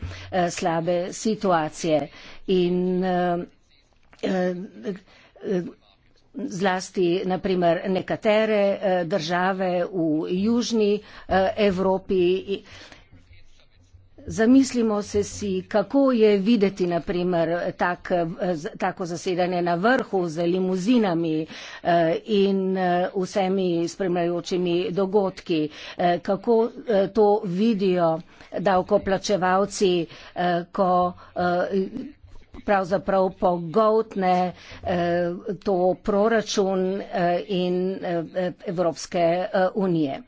slabe situacije. In zlasti naprimer nekatere države v južni Evropi. In, zamislimo se si, kako je videti, naprimer, tak, tako zasedanje na vrhu z limuzinami eh, in eh, vsemi spremljajočimi dogodki, eh, kako to vidijo davkoplačevalci, ko pravzaprav pogotne to proračun in Evropske unije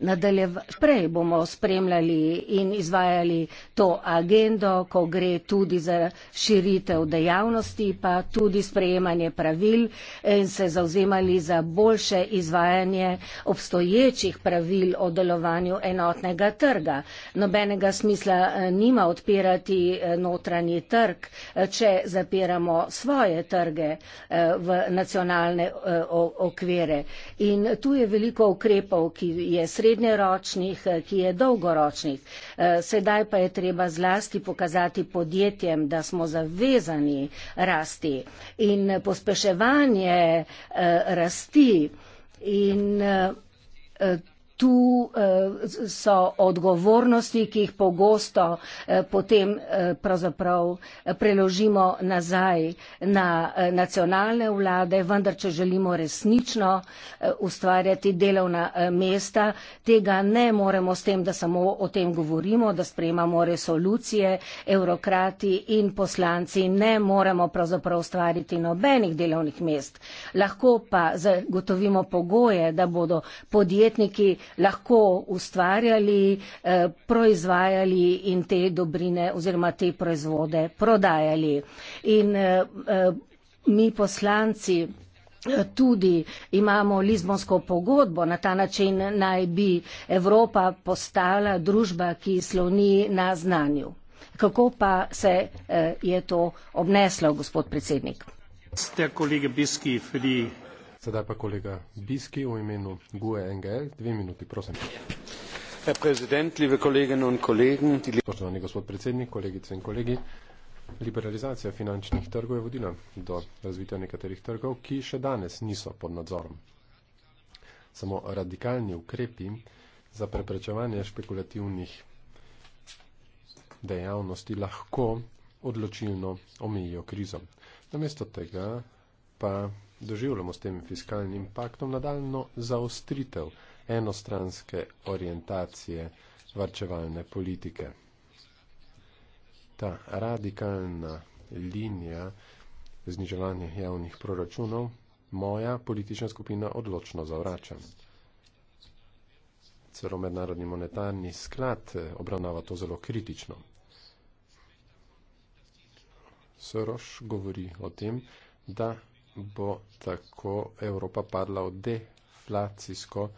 nadaljevati. Prej bomo spremljali in izvajali to agendo, ko gre tudi za širitev dejavnosti, pa tudi sprejemanje pravil eh, in se zauzemali za boljše izvajanje obstoječih pravil o delovanju enotnega trga. Nobenega smisla eh, nima odpirati eh, notranji trg, če zapiramo svoje trge v nacionalne okvire. In tu je veliko ukrepov, ki je srednje srednjeročnih, eh, ki je dolgoročnih. Eh, sedaj pa je treba zlasti pokazati podjetjem, da smo zavezani rasti in pospeševanje eh, rasti in tu eh, so odgovornosti, ki jih pogosto eh, potem eh, pravzaprav eh, preložimo nazaj na eh, nacionalne vlade, vendar če želimo resnično eh, ustvarjati delovna eh, mesta, tega ne moremo s tem, da samo o tem govorimo, da sprejemamo resolucije, evrokrati in poslanci ne moremo pravzaprav ustvariti nobenih delovnih mest. Lahko pa zagotovimo pogoje, da bodo podjetniki lahko ustvarjali, eh, proizvajali in te dobrine oziroma te proizvode prodajali. In eh, eh, mi poslanci tudi imamo Lizbonsko pogodbo, na ta način naj bi Evropa postala družba, ki sloni na znanju. Kako pa se je to obneslo, gospod predsednik? Ste kolega Biski, Fri, Sedaj pa kolega Biski v imenu GUE NGL. Dve minuti, prosim. Herr Präsident, liebe Kolleginnen und Kollegen, die Spoštovani gospod predsednik, kolegice in kolegi, liberalizacija finančnih trgov je vodila do razvitja nekaterih trgov, ki še danes niso pod nadzorom. Samo radikalni ukrepi za preprečevanje špekulativnih dejavnosti lahko odločilno omejijo krizo. Namesto tega pa doživljamo s tem fiskalnim paktom nadaljno zaostritev enostranske orientacije varčevalne politike. Ta radikalna linija zniževanja javnih proračunov moja politična skupina odločno zavrača. Celo mednarodni monetarni sklad eh, obravnava to zelo kritično. Soros govori o tem, da bo tako Evropa padla v deflacijsko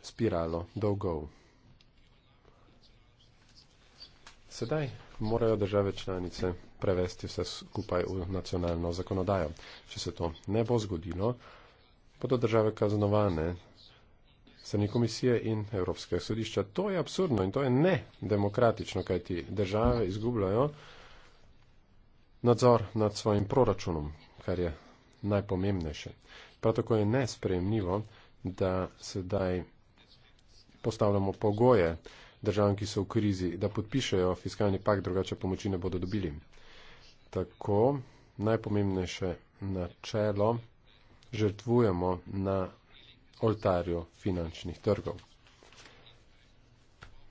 spiralo dolgov. Sedaj morajo države članice prevesti vse skupaj v nacionalno zakonodajo. Če se to ne bo zgodilo, bodo države kaznovane strani komisije in Evropske sodišča. To je absurdno in to je nedemokratično, kajti države izgubljajo nadzor nad svojim proračunom kar je najpomembnejše. Prav tako je nespremljivo, da sedaj postavljamo pogoje državam, ki so v krizi, da podpišejo fiskalni pakt, drugače pomoči ne bodo dobili. Tako najpomembnejše načelo žrtvujemo na oltarju finančnih trgov.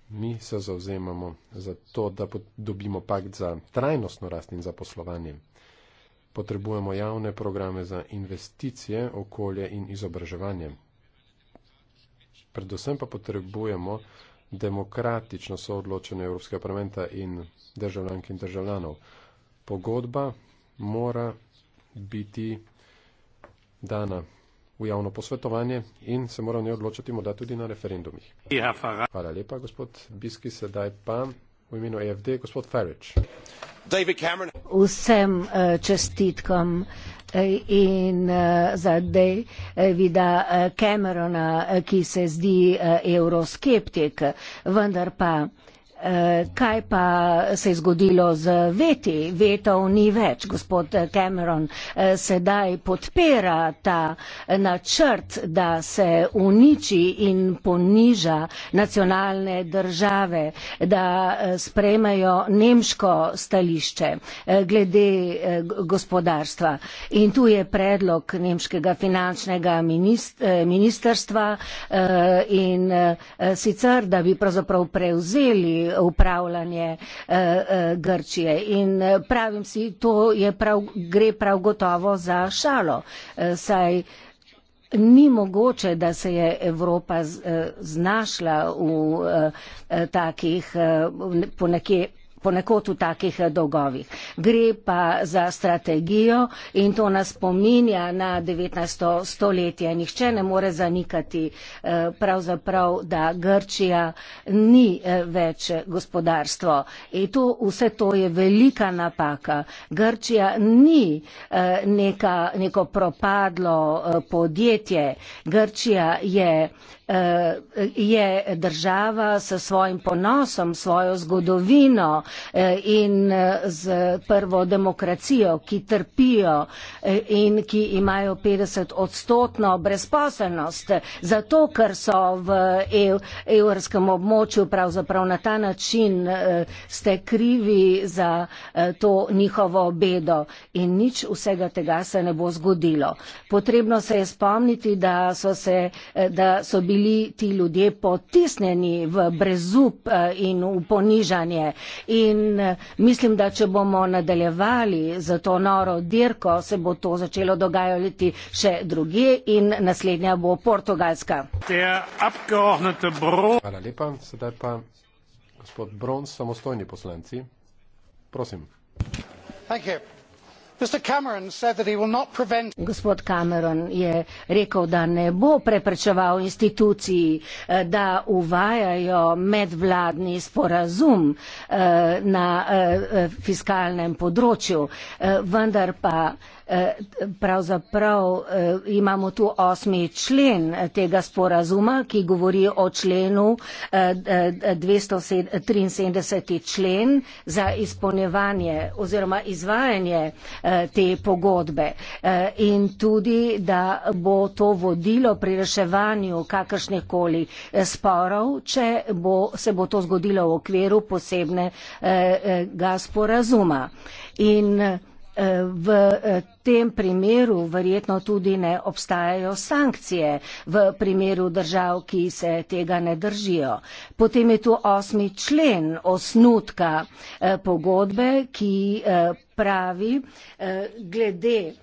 Mi se zauzemamo za to, da dobimo pakt za trajnostno rast in za poslovanje. Potrebujemo javne programe za investicije, okolje in izobraževanje. Predvsem pa potrebujemo demokratično soodločenje Evropskega parlamenta in državljank in državljanov. Pogodba mora biti dana v javno posvetovanje in se mora ne odločiti morda tudi na referendumih. Ja, hvala lepa, gospod Biski, sedaj pa. Vsem eh, čestitkom eh, in eh, za Davida Camerona, ki se zdi evroskeptik, vendar pa Eh, kaj pa se je zgodilo z veti? Vetov ni več. Gospod Cameron eh, sedaj podpira ta načrt, da se uniči in poniža nacionalne države, da eh, sprejmejo nemško stališče glede gospodarstva. In tu je predlog nemškega finančnega ministerstva in sicer, da bi pravzaprav prevzeli upravljanje eh, eh, Grčije. In eh, pravim si, to prav, gre prav gotovo za šalo. Saj ni mogoče, da se je Evropa znašla v takih ponekje ponekod v takih eh, dolgovih. Gre pa za strategijo in to nas pominja na 19. stoletje. Nihče ne more zanikati eh, pravzaprav, da Grčija ni eh, več gospodarstvo. In to vse to je velika napaka. Grčija ni neka, neko propadlo podjetje. Grčija je je država s svojim ponosom, svojo zgodovino, Eh, in eh, z prvo demokracijo, ki trpijo eh, in ki imajo 50 odstotno brezposelnost, zato ker so v ev, evrskem območju pravzaprav na ta način ste krivi za to njihovo bedo in nič vsega tega se ne bo zgodilo. Potrebno se je spomniti, da so, se, da so bili ti ljudje potisnjeni v brezup in v ponižanje. In In eh, mislim, da če bomo nadaljevali za to noro dirko, se bo to začelo dogajati še druge in naslednja bo Portugalska. Hvala lepa. Sedaj pa gospod Bron, samostojni poslanci. Prosim. Thank you. Gospod Cameron je rekel, da ne bo preprečeval instituciji, eh, da uvajajo medvladni sporazum eh, na eh, fiskalnem področju, vendar pa pravzaprav eh, imamo tu osmi člen eh, tega sporazuma, ki govori o členu 273. Eh, člen za izpolnjevanje oziroma izvajanje te pogodbe in tudi, da bo to vodilo pri reševanju kakršnih koli sporov, če bo, se bo to zgodilo v okviru posebnega sporazuma. In Eh, v eh, tem primeru verjetno tudi ne obstajajo sankcije v primeru držav, ki se tega ne držijo. Potem je tu osmi člen osnutka eh, pogodbe, ki pravi glede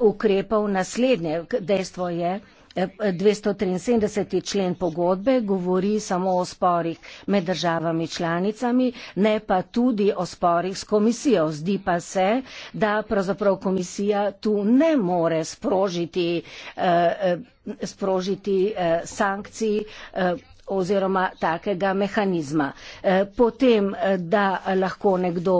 ukrepov naslednje. Dejstvo je, 273. člen pogodbe govori samo o sporih med državami članicami, ne pa tudi o sporih s komisijo. Zdi pa se, da pravzaprav komisija tu ne more sprožiti, eh, eh sprožiti eh, sankcij. Eh, oziroma takega mehanizma. Eh, potem, eh, da lahko nekdo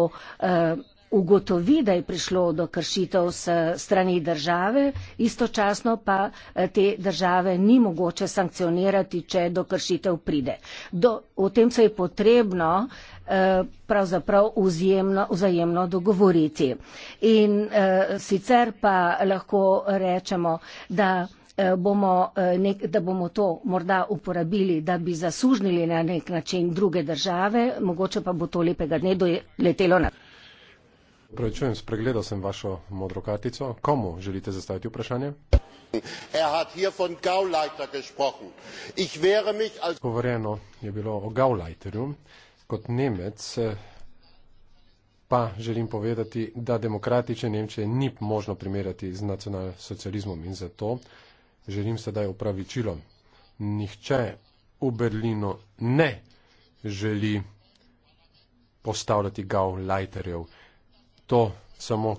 ugotovi, da je prišlo do kršitev s strani države, istočasno pa eh, te države ni mogoče sankcionirati, če do kršitev pride. Do, v tem se je potrebno eh, pravzaprav vzjemno, vzajemno dogovoriti. In eh, sicer pa lahko rečemo, da bomo, nek, da bomo to morda uporabili, da bi zasužnili na nek način druge države, mogoče pa bo to lepega dne doletelo na. Pravičujem, spregledal sem vašo modro kartico. Komu želite zastaviti vprašanje? Er Govorjeno je bilo o Gauleiterju. Kot Nemec eh, pa želim povedati, da demokratične Nemčije ni možno primerjati z nacionalsocializmom in zato želim sedaj upravičilo. Nihče v Berlino ne želi postavljati Gauleiterjev to samo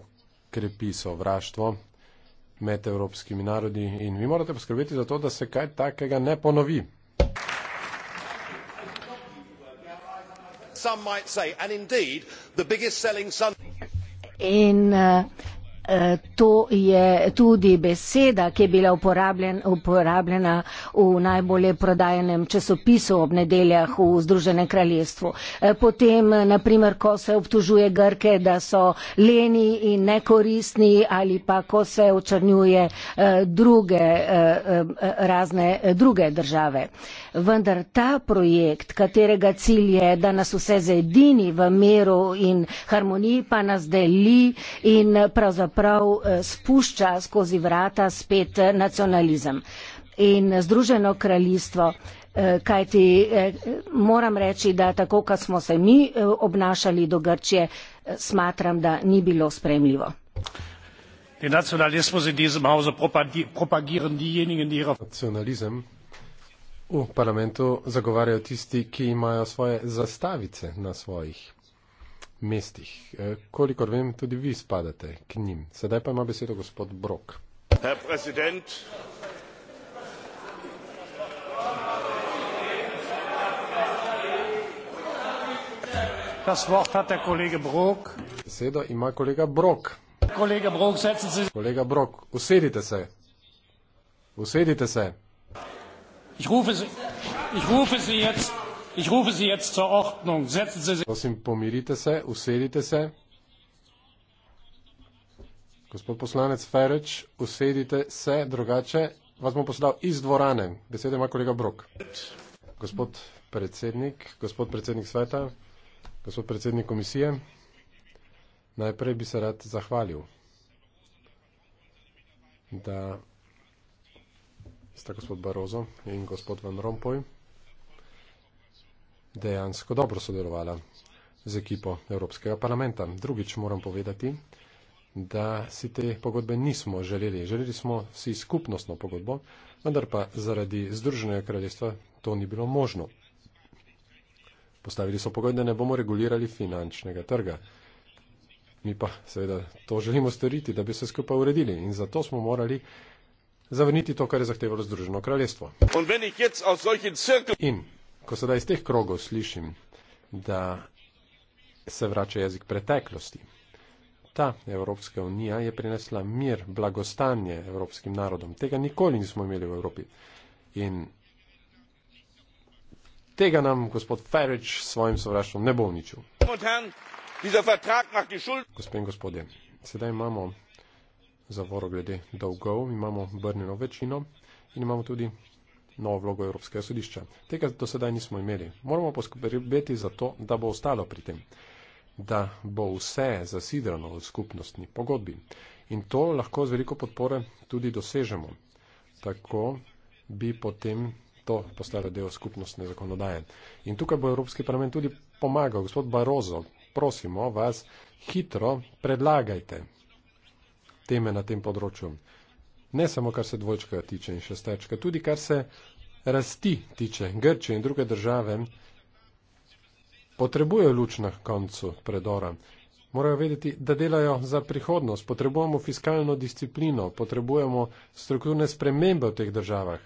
krepi sovraštvo med evropskimi narodi in vi morate poskrbeti za to, da se kaj takega ne ponovi. In uh, Eh, to je tudi beseda, ki je bila uporabljen, uporabljena v najbolje prodajenem časopisu ob nedeljah v Združenem kraljestvu. Eh, potem, naprimer, ko se obtužuje Grke, da so leni in nekoristni ali pa ko se očrnjuje eh, druge, razne druge države. Vendar ta projekt, katerega cilj je, da nas vse zedini v meru in harmoniji, pa nas deli in pravzaprav pravzaprav eh, spušča skozi vrata spet eh, nacionalizem in Združeno kraljestvo. Eh, kajti moram reči, da tako, kot smo se mi obnašali do Grčije, smatram, da ni bilo spremljivo. Nacionalizem v parlamentu zagovarjajo tisti, ki imajo svoje zastavice na svojih mestih. E, kolikor vem, tudi vi spadate k njim. Sedaj pa ima besedo gospod Brok. Besedo ima kolega Brok. Kolega Brok, usedite se. Usedite se. Ich rufe sie, ich rufe sie jetzt. Prosim, pomirite se, usedite se. Gospod poslanec Ferreč, usedite se, drugače vas bom poslal iz dvorane. Besede ima kolega Brok. Gospod predsednik, gospod predsednik sveta, gospod predsednik komisije, najprej bi se rad zahvalil, da sta gospod Barozo in gospod Van Rompuy dejansko dobro sodelovala z ekipo Evropskega parlamenta. Drugič moram povedati, da si te pogodbe nismo želeli. Želeli smo si skupnostno pogodbo, vendar pa zaradi Združenega kraljestva to ni bilo možno. Postavili so pogoj, da ne bomo regulirali finančnega trga. Mi pa seveda to želimo storiti, da bi se skupaj uredili in zato smo morali zavrniti to, kar je zahtevalo Združeno kraljestvo. In ko sedaj iz teh krogov slišim, da se vrača jezik preteklosti. Ta Evropska unija je prinesla mir, blagostanje evropskim narodom. Tega nikoli nismo imeli v Evropi. In tega nam gospod Ferič s svojim sovraštvom ne bo uničil. Gospod in gospodje, sedaj imamo zavoro glede dolgov, imamo brnjeno večino in imamo tudi novo vlogo Evropskega sodišča. Tega do sedaj nismo imeli. Moramo poskrbeti za to, da bo ostalo pri tem, da bo vse zasidrano v skupnostni pogodbi. In to lahko z veliko podpore tudi dosežemo. Tako bi potem to postalo del skupnostne zakonodaje. In tukaj bo Evropski parlament tudi pomagal. Gospod Barozo, prosimo vas, hitro predlagajte teme na tem področju ne samo kar se dvojčka tiče in šestečka, tudi kar se rasti tiče Grče in druge države, potrebujejo luč na koncu predora. Morajo vedeti, da delajo za prihodnost, potrebujemo fiskalno disciplino, potrebujemo strukturne spremembe v teh državah.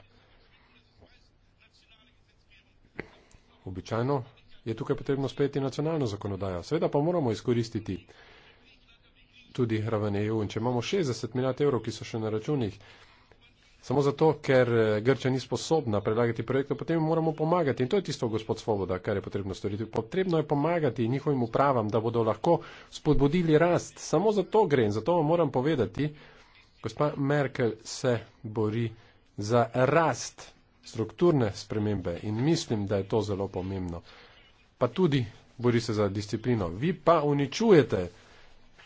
Običajno je tukaj potrebno sprejeti nacionalno zakonodajo. Seveda pa moramo izkoristiti tudi raven EU. In če imamo 60 milijard evrov, ki so še na računih, samo zato, ker eh, Grča ni sposobna predlagati projekta, potem moramo pomagati. In to je tisto, gospod Svoboda, kar je potrebno storiti. Potrebno je pomagati njihovim upravam, da bodo lahko spodbudili rast. Samo za to gre in zato vam moram povedati, gospa Merkel se bori za rast strukturne spremembe in mislim, da je to zelo pomembno. Pa tudi bori se za disciplino. Vi pa uničujete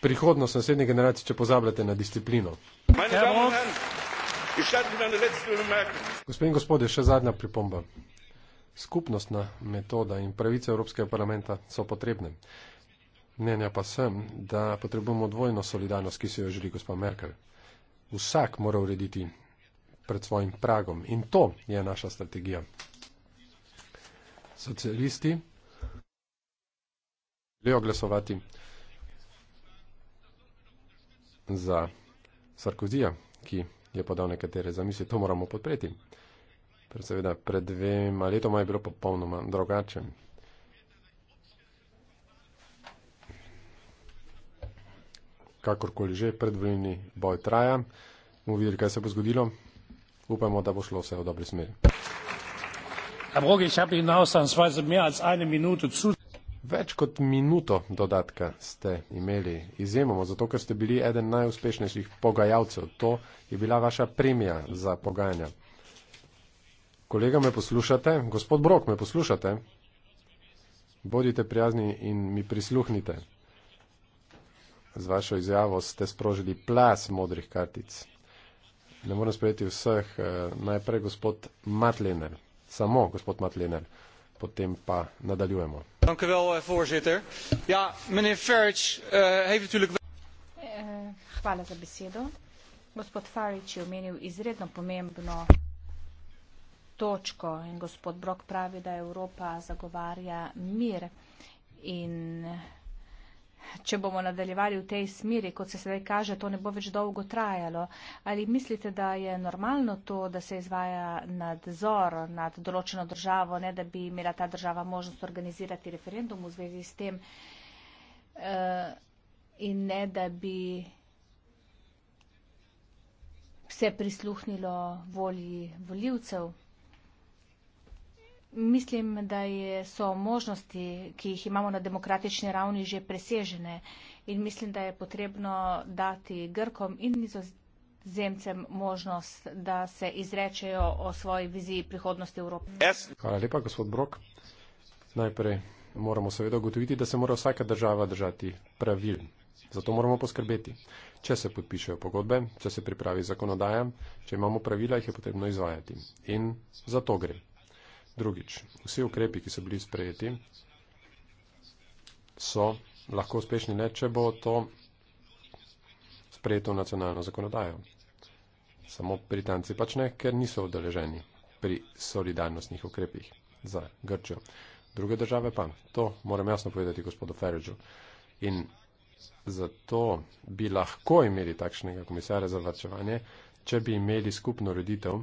prihodnost naslednje generacije, če pozabljate na disciplino. Gospod in gospodje, še zadnja pripomba. Skupnostna metoda in pravice Evropskega parlamenta so potrebne. Mnenja pa sem, da potrebujemo dvojno solidarnost, ki se jo želi gospod Merkel. Vsak mora urediti pred svojim pragom in to je naša strategija. Socialisti želijo glasovati za Sarkozija, ki je podal nekatere zamisli, to moramo podpreti. Seveda, pred dvema letoma je bilo popolnoma drugače. Kakorkoli že, predvoljni boj traja. Bomo videli, kaj se bo zgodilo. Upamo, da bo šlo vse v dobri smeri. Herr Brogge, ich habe Ihnen ausnahmsweise mehr als eine Minute zu. Več kot minuto dodatka ste imeli izjemoma, zato ker ste bili eden najuspešnejših pogajalcev. To je bila vaša premija za pogajanja. Kolega, me poslušate? Gospod Brok, me poslušate? Bodite prijazni in mi prisluhnite. Z vašo izjavo ste sprožili plas modrih kartic. Ne morem sprejeti vseh. Eh, najprej gospod Matlener. Samo gospod Matlener. Potem pa nadaljujemo. Eh, voorzitter ja, mijnheer farage eh, heeft natuurlijk. Eh, gospod farage je omenil izredno pomembno točko in gospod brok pravi da evropa zagovarja mir in Če bomo nadaljevali v tej smeri, kot se sedaj kaže, to ne bo več dolgo trajalo. Ali mislite, da je normalno to, da se izvaja nadzor nad določeno državo, ne da bi imela ta država možnost organizirati referendum v zvezi s tem eh, in ne da bi se prisluhnilo volji voljivcev? mislim, da je, so možnosti, ki jih imamo na demokratični ravni, že presežene in mislim, da je potrebno dati Grkom in nizozemcem možnost, da se izrečejo o svoji viziji prihodnosti Evrope. Hvala lepa, gospod Brok. Najprej moramo seveda ugotoviti, da se mora vsaka država držati pravil. Zato moramo poskrbeti, če se podpišejo pogodbe, če se pripravi zakonodaja, če imamo pravila, jih je potrebno izvajati. In za to gre. Drugič, vsi ukrepi, ki so bili sprejeti, so lahko uspešni le, če bo to sprejeto v nacionalno zakonodajo. Samo Britanci pač ne, ker niso odeleženi pri solidarnostnih ukrepih za Grčijo. Druge države pa, to moram jasno povedati gospodu Feridžu. In zato bi lahko imeli takšnega komisarja za vrčevanje, če bi imeli skupno roditev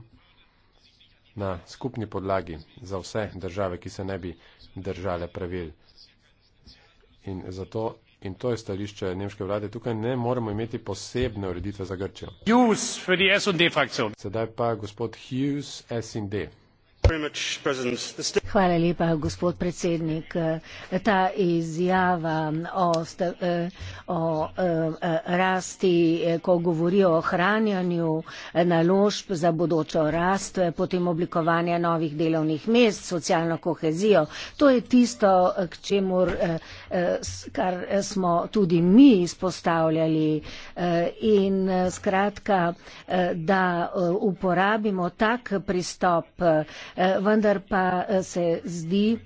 na skupni podlagi za vse države, ki se ne bi držale pravil. In, zato, in to je stališče nemške vlade. Tukaj ne moremo imeti posebne ureditve za Grčijo. Sedaj pa gospod Hughes, SND. Hvala lepa, gospod predsednik. Ta izjava o, o, o e, e, rasti, ko govori o ohranjanju naložb za bodočo rast, potem oblikovanja novih delovnih mest, socialno kohezijo, to je tisto, k čemur, e, kar smo tudi mi izpostavljali in skratka, da uporabimo tak pristop, Eh, vendar pa eh, se zdi,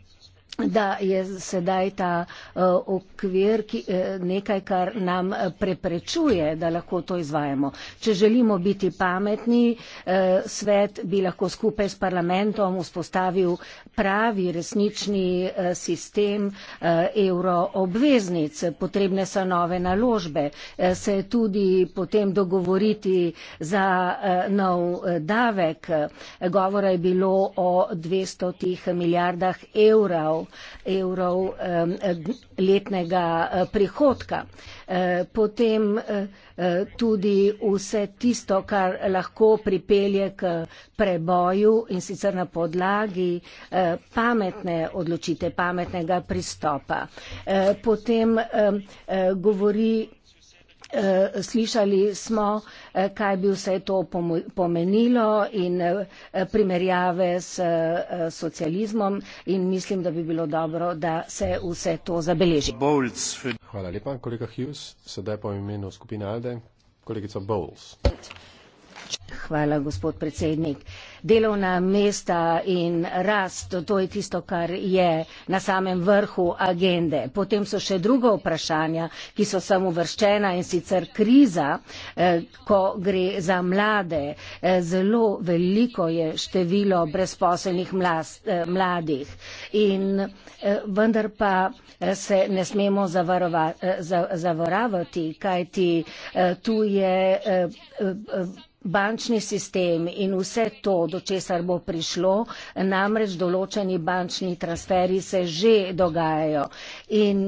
da je sedaj ta uh, okvir ki, uh, nekaj, kar nam eh, preprečuje, da lahko to izvajamo. Če želimo biti pametni, uh, svet bi lahko skupaj s parlamentom vzpostavil pravi resnični uh, sistem uh, euroobveznic. Potrebne so nove naložbe, uh, se tudi potem dogovoriti za uh, nov uh, davek. Govora je bilo o 200 milijardah evrov evrov letnega eh, prihodka. Eh, potem eh, tudi vse tisto, kar lahko pripelje k preboju in sicer na podlagi pametne odločitve, pametnega pristopa. Potem govori Eh, slišali smo, eh, kaj bi vse to pomenilo in eh, primerjave s socializmom in mislim, da bi bilo dobro, da se vse to zabeleži. Hvala lepa, kolega Hughes. Sedaj pa v imenu skupine Alde, kolegica Bowles. Hvala, gospod predsednik. Delovna mesta in rast, to je tisto, kar je na samem vrhu agende. Potem so še druga vprašanja, ki so samo vrščena in sicer kriza, eh, ko gre za mlade. Eh, zelo veliko je število brezposelnih eh, mladih. In vendar pa se ne smemo zavarovati, kajti tu je bančni sistem in vse to, do česar bo prišlo, namreč določeni bančni transferi se že dogajajo. In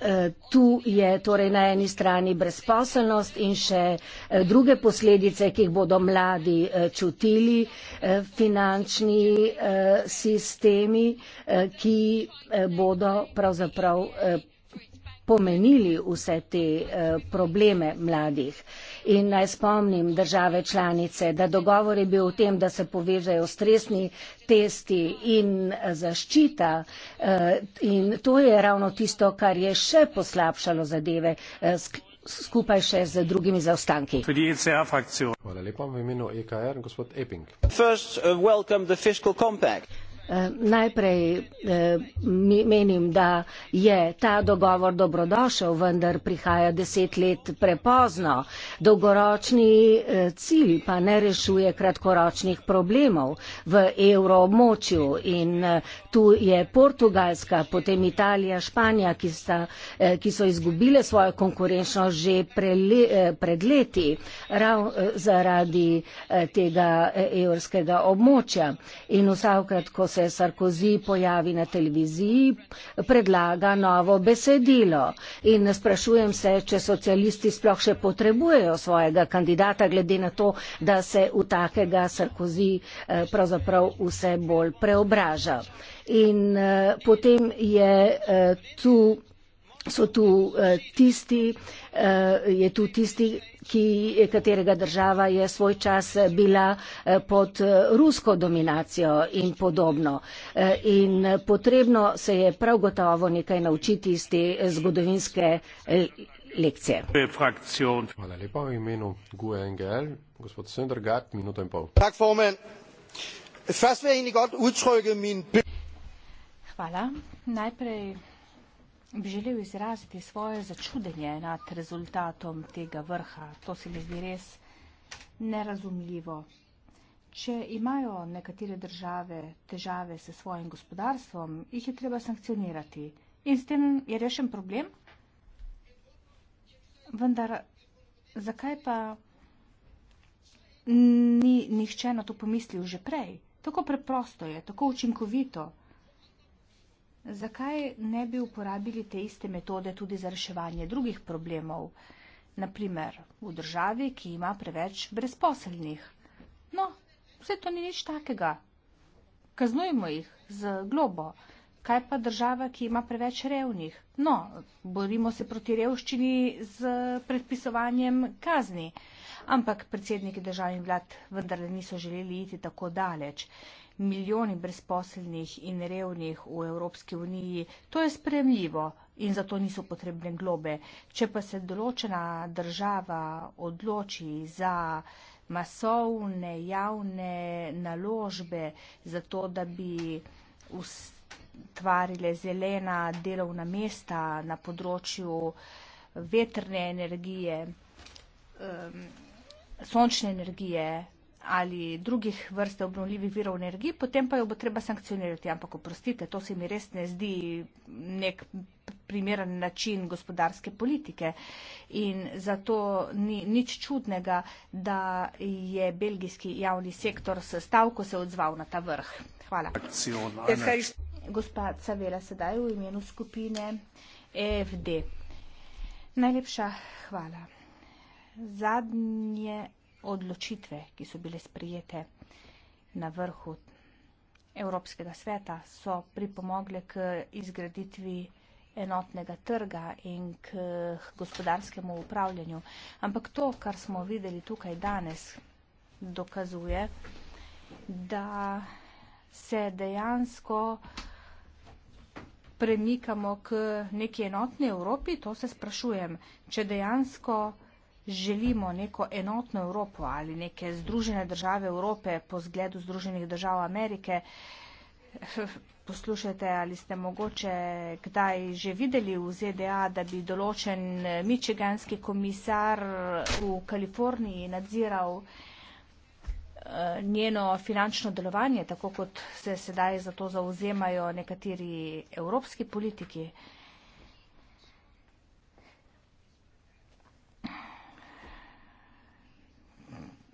eh, Tu je torej na eni strani brezposelnost in še eh, druge posledice, ki jih bodo mladi eh, čutili, finančni sistemi, ki bodo pravzaprav pomenili vse te probleme mladih. In naj spomnim države članice, da dogovor je bil v tem, da se povežejo stresni testi in eh, zaščita. Eh, in to je ravno tisto, kar je še poslabšalo zadeve eh, skupaj še z drugimi zaostanki. E Hvala lepa v imenu EKR, gospod Eping. First, uh, Eh, najprej eh, menim, da je ta dogovor dobrodošel, vendar prihaja deset let prepozno. Dolgoročni eh, cilj pa ne rešuje kratkoročnih problemov v evroobmočju in tu je Portugalska, potem Italija, Španija, ki, sta, ki so izgubile svojo konkurenčnost že prele, pred leti rav, zaradi tega evrskega območja. In vsakrat, ko se se Sarkozy pojavi na televiziji, predlaga novo besedilo. In sprašujem se, če socialisti sploh še potrebujejo svojega kandidata, glede na to, da se v takega Sarkozy eh, pravzaprav vse bolj preobraža. In eh, potem je eh, tu so tu eh, tisti, eh, je tu tisti, ki, katerega država je svoj čas eh, bila pod rusko dominacijo in podobno. In potrebno se je prav gotovo nekaj naučiti iz te zgodovinske lekcije. Hvala lepa v imenu GUE NGL. Gospod Sendergat, minuto in pol. Tak, Hvala. Najprej bi želel izraziti svoje začudenje nad rezultatom tega vrha. To se mi zdi res nerazumljivo. Če imajo nekatere države težave s svojim gospodarstvom, jih je treba sankcionirati. In s tem je rešen problem? Vendar, zakaj pa ni nihče na to pomislil že prej? Tako preprosto je, tako učinkovito. Zakaj ne bi uporabili te iste metode tudi za reševanje drugih problemov, naprimer v državi, ki ima preveč brezposelnih? No, vse to ni nič takega. Kaznujmo jih z globo. Kaj pa država, ki ima preveč revnih? No, borimo se proti revščini z predpisovanjem kazni. Ampak predsedniki državnih vlad vendarle niso želeli iti tako daleč milijoni brezposelnih in revnih v Evropski uniji, to je spremljivo in zato niso potrebne globe. Če pa se določena država odloči za masovne javne naložbe, zato da bi ustvarile zelena delovna mesta na področju vetrne energije, um, sončne energije, ali drugih vrste obnovljivih virov energije, potem pa jo bo treba sankcionirati. Ampak oprostite, to se mi res ne zdi nek primeren način gospodarske politike. In zato ni nič čudnega, da je belgijski javni sektor s stavko se odzval na ta vrh. Hvala. Gospa Cavela sedaj v imenu skupine EFD. Najlepša hvala. Zadnje odločitve, ki so bile sprijete na vrhu Evropskega sveta, so pripomogle k izgraditvi enotnega trga in k gospodarskemu upravljanju. Ampak to, kar smo videli tukaj danes, dokazuje, da se dejansko premikamo k neki enotni Evropi, to se sprašujem, če dejansko želimo neko enotno Evropo ali neke združene države Evrope po zgledu združenih držav Amerike. Poslušajte, ali ste mogoče kdaj že videli v ZDA, da bi določen mičiganski komisar v Kaliforniji nadziral eh, njeno finančno delovanje, tako kot se sedaj za to zauzemajo nekateri evropski politiki.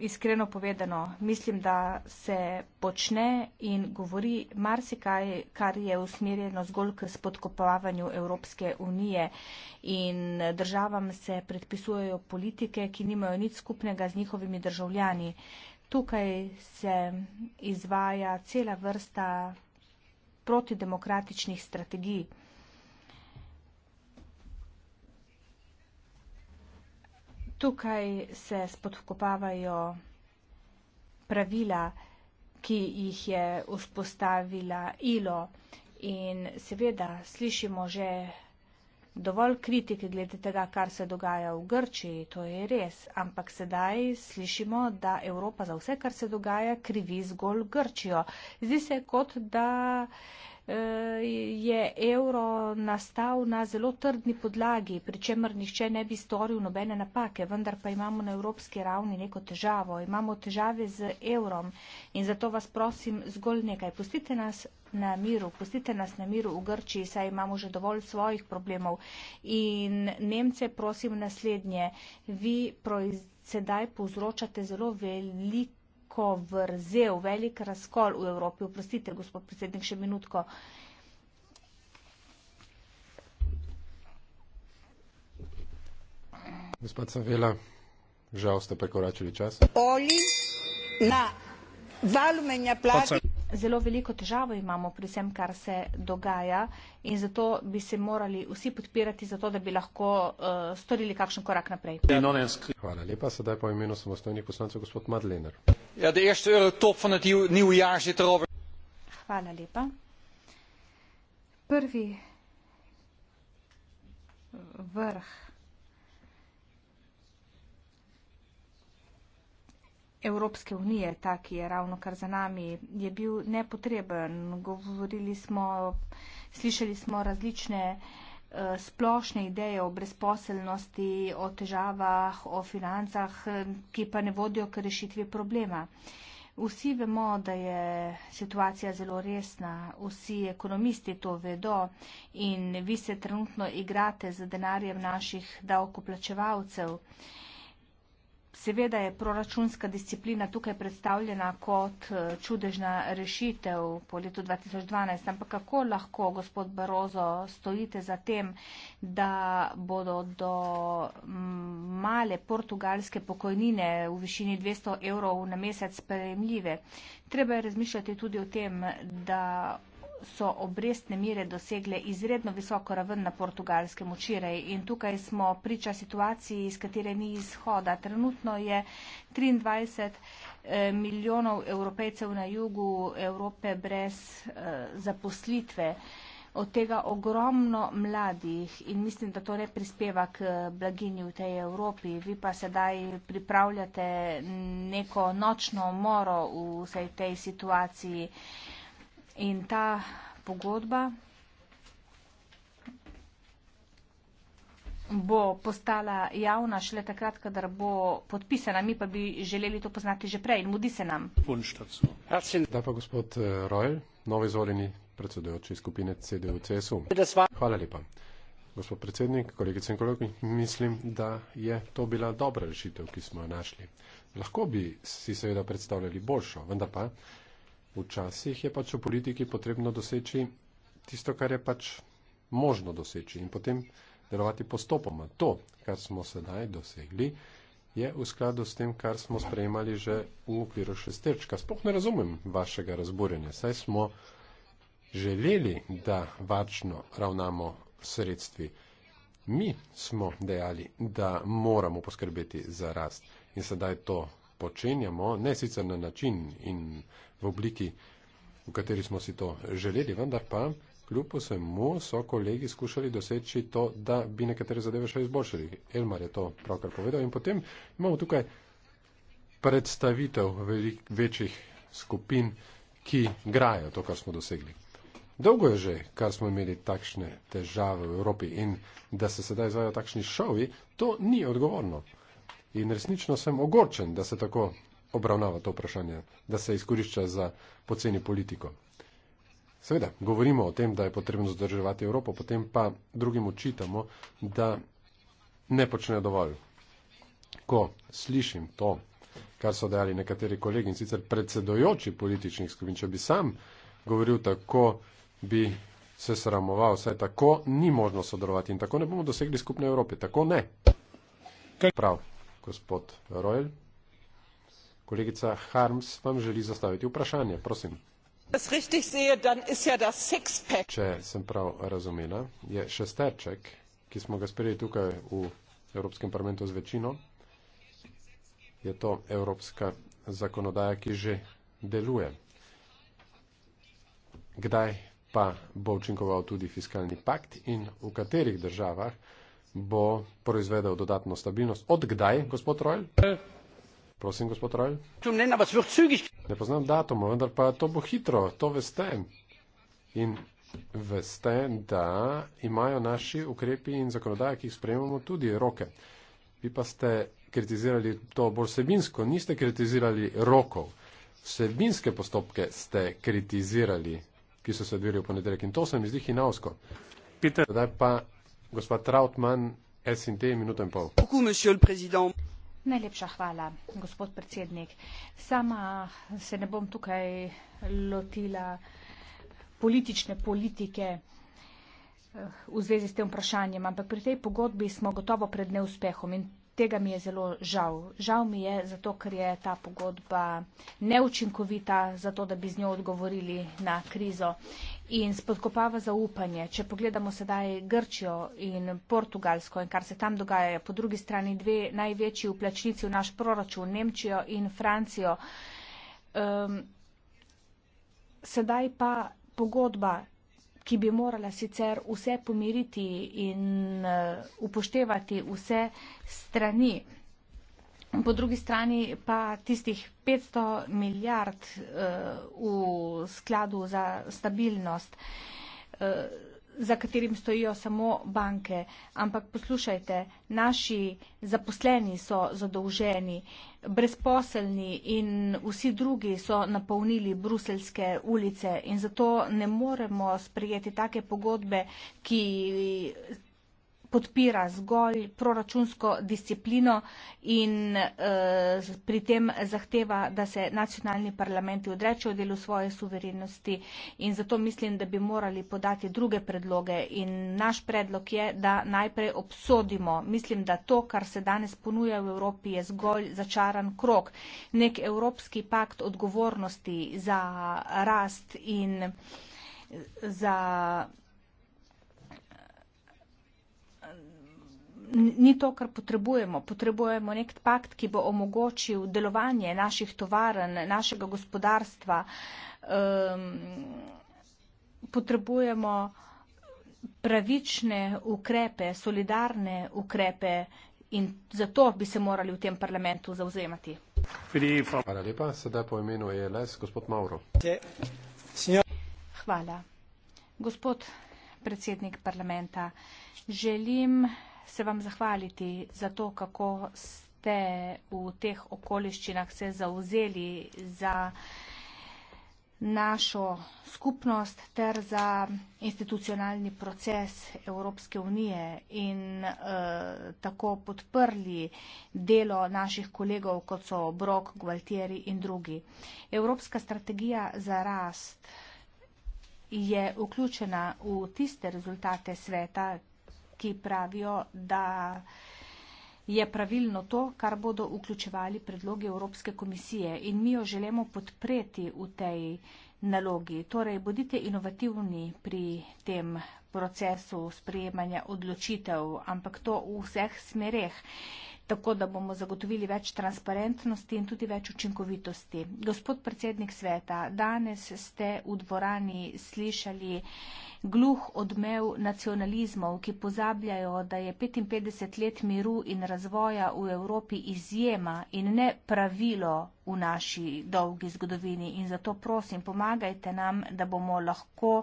iskreno povedano, mislim, da se počne in govori marsikaj, kar je usmerjeno zgolj k spodkopavanju Evropske unije in državam se predpisujejo politike, ki nimajo nič skupnega z njihovimi državljani. Tukaj se izvaja cela vrsta protidemokratičnih strategij. tukaj se spodkopavajo pravila, ki jih je vzpostavila ILO in seveda slišimo že dovolj kritike glede tega, kar se dogaja v Grčiji, to je res, ampak sedaj slišimo, da Evropa za vse, kar se dogaja, krivi zgolj Grčijo. Zdi se kot, da Eh, je evro nastal na zelo trdni podlagi, pri čemer nihče ne bi storil nobene napake, vendar pa imamo na evropski ravni neko težavo. Imamo težave z evrom in zato vas prosim zgolj nekaj. Pustite nas na miru, pustite nas na miru v Grčiji, saj imamo že dovolj svojih problemov. In Nemce prosim naslednje, vi sedaj povzročate zelo veliko veliko vrzel, velik razkol v Evropi. Oprostite, gospod predsednik, še minutko. Gospod Savela, žal ste prekoračili čas. Oli na valumenja plati zelo veliko težavo imamo pri vsem, kar se dogaja in zato bi se morali vsi podpirati za to, da bi lahko uh, storili kakšen korak naprej. Ja. Hvala lepa, sedaj pa v imenu samostojnih poslancev gospod Madlener. Ja, de eerste euro eh, top van het nieuw jaar zit erover. Hvala lepa. Prvi vrh Evropske unije, ta, ki je ravno kar za nami, je bil nepotreben. Govorili smo, slišali smo različne eh, splošne ideje o brezposelnosti, o težavah, o financah, ki pa ne vodijo k rešitvi problema. Vsi vemo, da je situacija zelo resna, vsi ekonomisti to vedo in vi se trenutno igrate z denarjem naših davkoplačevalcev. Seveda je proračunska disciplina tukaj predstavljena kot eh, čudežna rešitev po letu 2012, ampak kako lahko, gospod Barozo, stojite za tem, da bodo do mm, male portugalske pokojnine v višini 200 evrov na mesec sprejemljive? Treba je razmišljati tudi o tem, da so obrestne mire dosegle izredno visoko raven na portugalskem včeraj in tukaj smo priča situaciji, iz katere ni izhoda. Trenutno je 23 eh, milijonov evropejcev na jugu Evrope brez eh, zaposlitve. Od tega ogromno mladih in mislim, da to ne prispeva k eh, blaginji v tej Evropi. Vi pa sedaj pripravljate neko nočno moro v vsej tej situaciji. In ta pogodba bo postala javna šele takrat, kadar bo podpisana. Mi pa bi želeli to poznati že prej in mudi se nam. Da pa gospod eh, Rojl, novi zvoljeni predsedujoči skupine CDU CSU. Hvala lepa. Gospod predsednik, kolegice in kolegi, mislim, da je to bila dobra rešitev, ki smo jo našli. Lahko bi si seveda predstavljali boljšo, vendar pa Včasih je pač v politiki potrebno doseči tisto, kar je pač možno doseči in potem delovati postopoma. To, kar smo sedaj dosegli, je v skladu s tem, kar smo sprejemali že v okviru šesterčka. Sploh ne razumem vašega razburjenja. Saj smo želeli, da vačno ravnamo sredstvi. Mi smo dejali, da moramo poskrbeti za rast in sedaj to počenjamo, ne sicer na način in v obliki, v kateri smo si to želeli, vendar pa kljub vsemu so kolegi skušali doseči to, da bi nekatere zadeve še izboljšali. Elmar je to pravkar povedal in potem imamo tukaj predstavitev velik, večjih skupin, ki grajo to, kar smo dosegli. Dolgo je že, kar smo imeli takšne težave v Evropi in da se sedaj izvajo takšni šovi, to ni odgovorno. In resnično sem ogorčen, da se tako obravnava to vprašanje, da se izkorišča za poceni politiko. Seveda, govorimo o tem, da je potrebno zadrževati Evropo, potem pa drugim očitamo, da ne počne dovolj. Ko slišim to, kar so dejali nekateri kolegi in sicer predsedojoči političnih skupin, če bi sam govoril tako, bi se sramoval, saj tako ni možno sodelovati in tako ne bomo dosegli skupne Evrope. Tako ne. Prav, gospod Rojl. Kolegica Harms vam želi zastaviti vprašanje, prosim. Sehe, ja Če sem prav razumela, je šesterček, ki smo ga sprejeli tukaj v Evropskem parlamentu z večino, je to evropska zakonodaja, ki že deluje. Kdaj pa bo učinkoval tudi fiskalni pakt in v katerih državah bo proizvedel dodatno stabilnost? Od kdaj, gospod Rojl? Prosim, gospod Rajl. Ne poznam datuma, vendar pa to bo hitro, to veste. In veste, da imajo naši ukrepi in zakonodaje, ki jih sprejemamo, tudi roke. Vi pa ste kritizirali to bolj sebinsko, niste kritizirali rokov. Sebinske postopke ste kritizirali, ki so se odvirali v ponedeljek in to se mi zdi hinavsko. Zdaj pa gospod Trautmann, SNT, minuto in pol. Pukul, Najlepša hvala, gospod predsednik. Sama se ne bom tukaj lotila politične politike eh, v zvezi s tem vprašanjem, ampak pri tej pogodbi smo gotovo pred neuspehom in tega mi je zelo žal. Žal mi je zato, ker je ta pogodba neučinkovita, zato da bi z njo odgovorili na krizo in spodkopava zaupanje. Če pogledamo sedaj Grčijo in Portugalsko in kar se tam dogaja, po drugi strani dve največji vplačnici v naš proračun, Nemčijo in Francijo. Um, sedaj pa pogodba, ki bi morala sicer vse pomiriti in uh, upoštevati vse strani. Po drugi strani pa tistih 500 milijard eh, v skladu za stabilnost, eh, za katerim stojijo samo banke. Ampak poslušajte, naši zaposleni so zadolženi, brezposelni in vsi drugi so napolnili bruselske ulice in zato ne moremo sprejeti take pogodbe, ki podpira zgolj proračunsko disciplino in eh, pri tem zahteva, da se nacionalni parlamenti odrečejo delu svoje suverenosti in zato mislim, da bi morali podati druge predloge in naš predlog je, da najprej obsodimo. Mislim, da to, kar se danes ponuja v Evropi, je zgolj začaran krok. Nek evropski pakt odgovornosti za rast in za. ni to, kar potrebujemo. Potrebujemo nek pakt, ki bo omogočil delovanje naših tovaren, našega gospodarstva. Um, potrebujemo pravične ukrepe, solidarne ukrepe in zato bi se morali v tem parlamentu zauzemati. Hvala lepa. Sedaj po imenu je LS gospod Mauro. Hvala. Gospod predsednik parlamenta, želim se vam zahvaliti za to, kako ste v teh okoliščinah se zauzeli za našo skupnost ter za institucionalni proces Evropske unije in eh, tako podprli delo naših kolegov, kot so Brok, Gvaltieri in drugi. Evropska strategija za rast je vključena v tiste rezultate sveta, ki pravijo, da je pravilno to, kar bodo vključevali predloge Evropske komisije in mi jo želimo podpreti v tej nalogi. Torej, bodite inovativni pri tem procesu sprejemanja odločitev, ampak to v vseh smereh tako da bomo zagotovili več transparentnosti in tudi več učinkovitosti. Gospod predsednik sveta, danes ste v dvorani slišali gluh odmev nacionalizmov, ki pozabljajo, da je 55 let miru in razvoja v Evropi izjema in ne pravilo v naši dolgi zgodovini. In zato prosim, pomagajte nam, da bomo lahko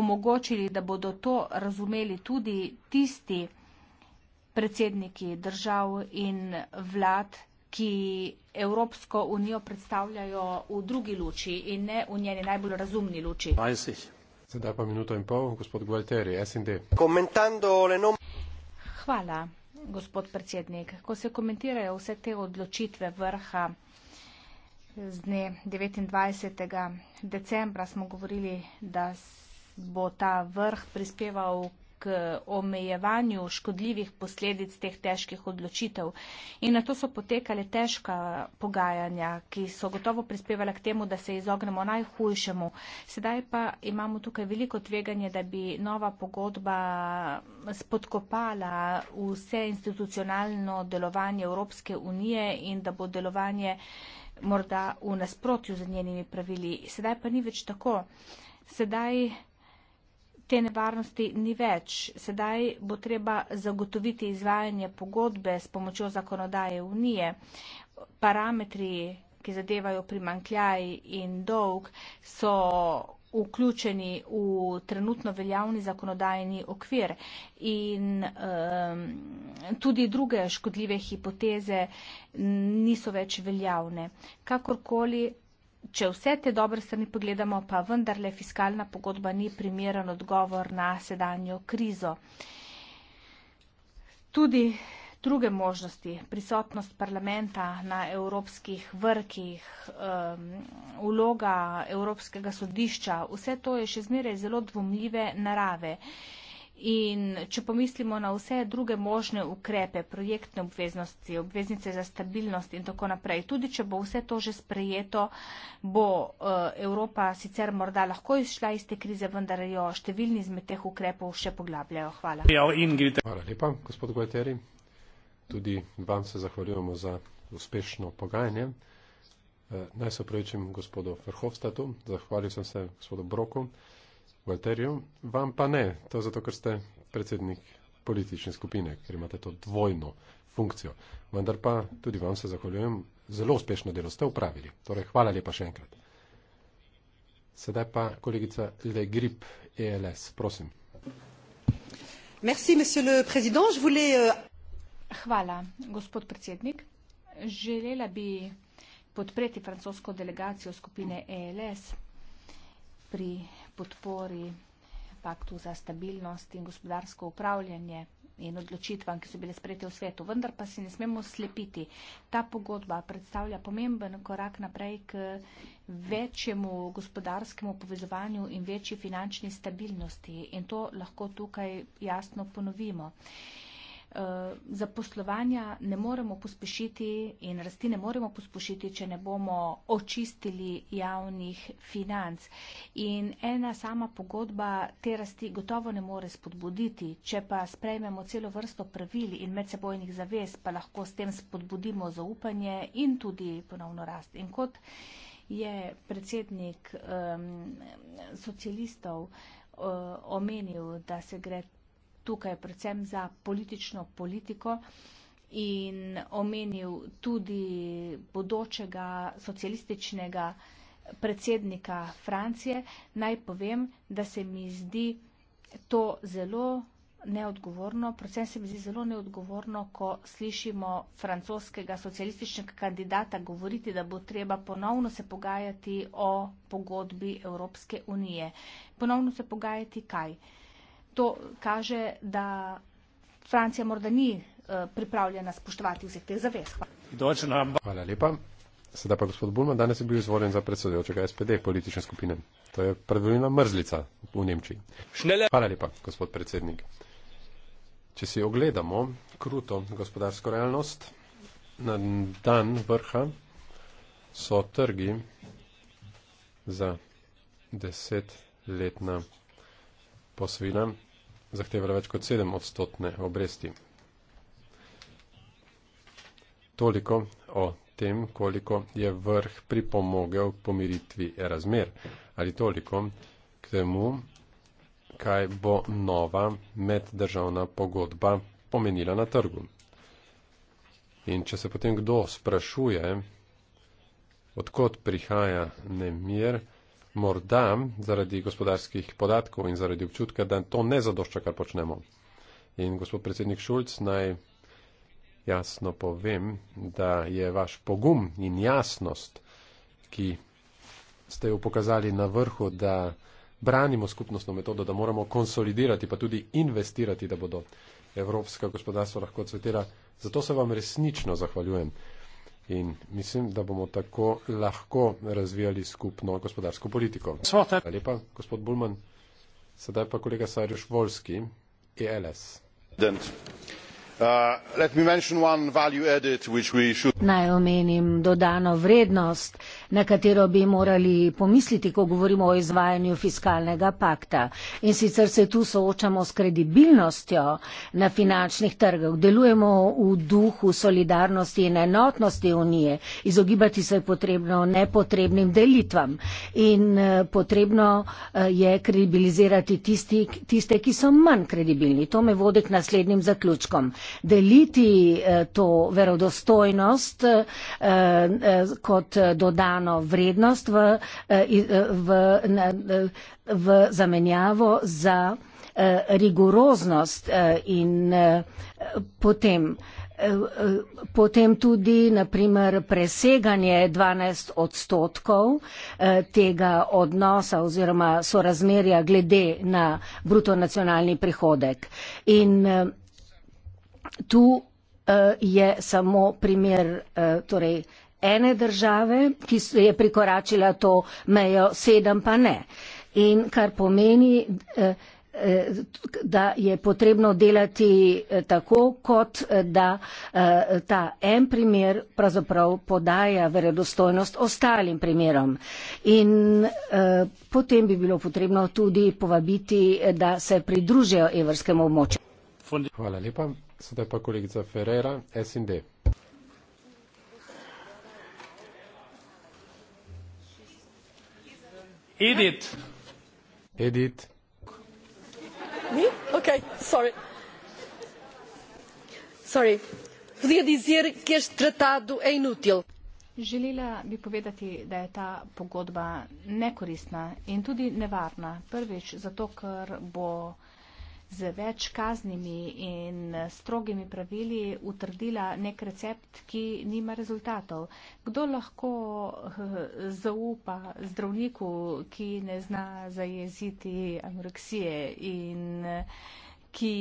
omogočili, da bodo to razumeli tudi tisti, predsedniki držav in vlad, ki Evropsko unijo predstavljajo v drugi luči in ne v njeni najbolj razumni luči. Sedaj pa minuto in pol, gospod Gualteri, SND. Hvala, gospod predsednik. Ko se komentirajo vse te odločitve vrha z dne 29. decembra, smo govorili, da bo ta vrh prispeval k omejevanju škodljivih posledic teh težkih odločitev. In na to so potekale težka pogajanja, ki so gotovo prispevala k temu, da se izognemo najhujšemu. Sedaj pa imamo tukaj veliko tveganje, da bi nova pogodba spodkopala vse institucionalno delovanje Evropske unije in da bo delovanje morda v nasprotju z njenimi pravili. Sedaj pa ni več tako. Sedaj te nevarnosti ni več. Sedaj bo treba zagotoviti izvajanje pogodbe s pomočjo zakonodaje Unije. Parametri, ki zadevajo primankljaj in dolg, so vključeni v trenutno veljavni zakonodajni okvir in um, tudi druge škodljive hipoteze niso več veljavne. Kakorkoli Če vse te dobre strani pogledamo, pa vendarle fiskalna pogodba ni primeren odgovor na sedanjo krizo. Tudi druge možnosti, prisotnost parlamenta na evropskih vrkih, um, vloga Evropskega sodišča, vse to je še zmeraj zelo dvomljive narave. In če pomislimo na vse druge možne ukrepe, projektne obveznosti, obveznice za stabilnost in tako naprej, tudi če bo vse to že sprejeto, bo eh, Evropa sicer morda lahko izšla iz te krize, vendar jo številni izmed teh ukrepov še poglabljajo. Hvala. Hvala lepa, gospod Gojteri. Tudi vam se zahvaljujemo za uspešno pogajanje. Eh, naj se opravičim gospodu Verhofstatu, zahvalil sem se gospodu Broku. Walterju, vam pa ne, to zato, ker ste predsednik politične skupine, ker imate to dvojno funkcijo. Vendar pa tudi vam se zahvaljujem, zelo uspešno delo ste upravili. Torej, hvala lepa še enkrat. Sedaj pa kolegica Le Grip, ELS, prosim. Merci, voulais... Euh, hvala, gospod predsednik. Želela bi podpreti francosko delegacijo skupine ELS pri podpori paktu za stabilnost in gospodarsko upravljanje in odločitvam, ki so bile sprejete v svetu. Vendar pa si ne smemo slepiti. Ta pogodba predstavlja pomemben korak naprej k večjemu gospodarskemu povezovanju in večji finančni stabilnosti. In to lahko tukaj jasno ponovimo. Uh, Eh, zaposlovanja ne moremo pospešiti in rasti ne moremo pospešiti, če ne bomo očistili javnih financ. In ena sama pogodba te rasti gotovo ne more spodbuditi. Če pa sprejmemo celo vrsto pravil in medsebojnih zavez, pa lahko s tem spodbudimo zaupanje in tudi ponovno rast. In kot je predsednik um, socialistov, eh, omenil, da se gre tukaj predvsem za politično politiko in omenil tudi bodočega socialističnega predsednika Francije, naj povem, da se mi zdi to zelo neodgovorno, predvsem se mi zdi zelo neodgovorno, ko slišimo francoskega socialističnega kandidata govoriti, da bo treba ponovno se pogajati o pogodbi Evropske unije. Ponovno se pogajati kaj? to kaže, da Francija morda ni eh, pripravljena spoštovati vseh teh zavez. Hvala lepa. Sedaj pa gospod Bulman, danes je bil izvoljen za predsedujočega SPD politične skupine. To je predvoljena mrzlica v Nemčiji. Hvala lepa, gospod predsednik. Če si ogledamo kruto gospodarsko realnost, na dan vrha so trgi za desetletna posvila zahtevala več kot 7 odstotne obresti. Toliko o tem, koliko je vrh pripomogel k pomiritvi razmer, ali toliko k temu, kaj bo nova meddržavna pogodba pomenila na trgu. In če se potem kdo sprašuje, odkot prihaja nemir, morda zaradi gospodarskih podatkov in zaradi občutka, da to ne zadošča, kar počnemo. In gospod predsednik Šulc, naj jasno povem, da je vaš pogum in jasnost, ki ste jo pokazali na vrhu, da branimo skupnostno metodo, da moramo konsolidirati, pa tudi investirati, da bodo evropska gospodarstva lahko cvetela. Zato se vam resnično zahvaljujem in mislim, da bomo tako lahko razvijali skupno gospodarsko politiko. Hvala lepa, gospod Bulman. Sedaj pa kolega Sarjuš Volski, ELS. Dent. Uh, let me mention one value added which we should. naj omenim dodano vrednost na katero bi morali pomisliti ko govorimo o izvajanju fiskalnega pakta in sicer se tu soočamo s kredibilnostjo na finančnih trgih delujemo v duhu solidarnosti in enotnosti unije izogibati se je potrebno nepotrebnim delitvam in eh, potrebno eh, je kredibilizirati tisti, tiste ki so manj kredibilni to me vodi k naslednjim zaključkom deliti eh, to verodostojnost eh, eh, kot dodano vrednost v, v, v zamenjavo za rigoroznost in potem, potem tudi naprimer preseganje 12 odstotkov tega odnosa oziroma sorazmerja glede na bruto nacionalni prihodek. In Tu eh, je samo primer eh, torej, ene države, ki je prikoračila to mejo, sedem pa ne. In kar pomeni, eh, da je potrebno delati tako, kot da ta en primer pravzaprav podaja verodostojnost ostalim primerom. In potem bi bilo potrebno tudi povabiti, da se pridružijo evrskemu območju. Hvala lepa. Sedaj pa kolegica Ferreira, SND. Edit. Edit. Mi? Ok, sorry. Sorry. Podia dizer que este tratado é inútil. Želela bi povedati, da je ta pogodba nekoristna in tudi nevarna. Prvič, zato, ker bo uh, z več kaznimi in strogimi pravili utrdila nek recept, ki nima rezultatov. Kdo lahko zaupa zdravniku, ki ne zna zajeziti anoreksije in ki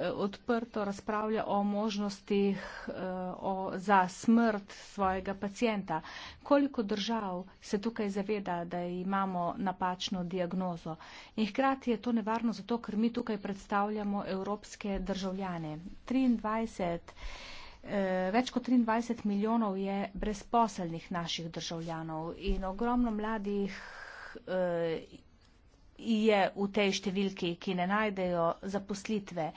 eh, odprto razpravlja o možnostih eh, o, za smrt svojega pacijenta. Koliko držav se tukaj zaveda, da imamo napačno diagnozo? In hkrati je to nevarno zato, ker mi tukaj predstavljamo evropske državljane. 23, eh, več kot 23 milijonov je brezposelnih naših državljanov in ogromno mladih je v tej številki, ki ne najdejo zaposlitve.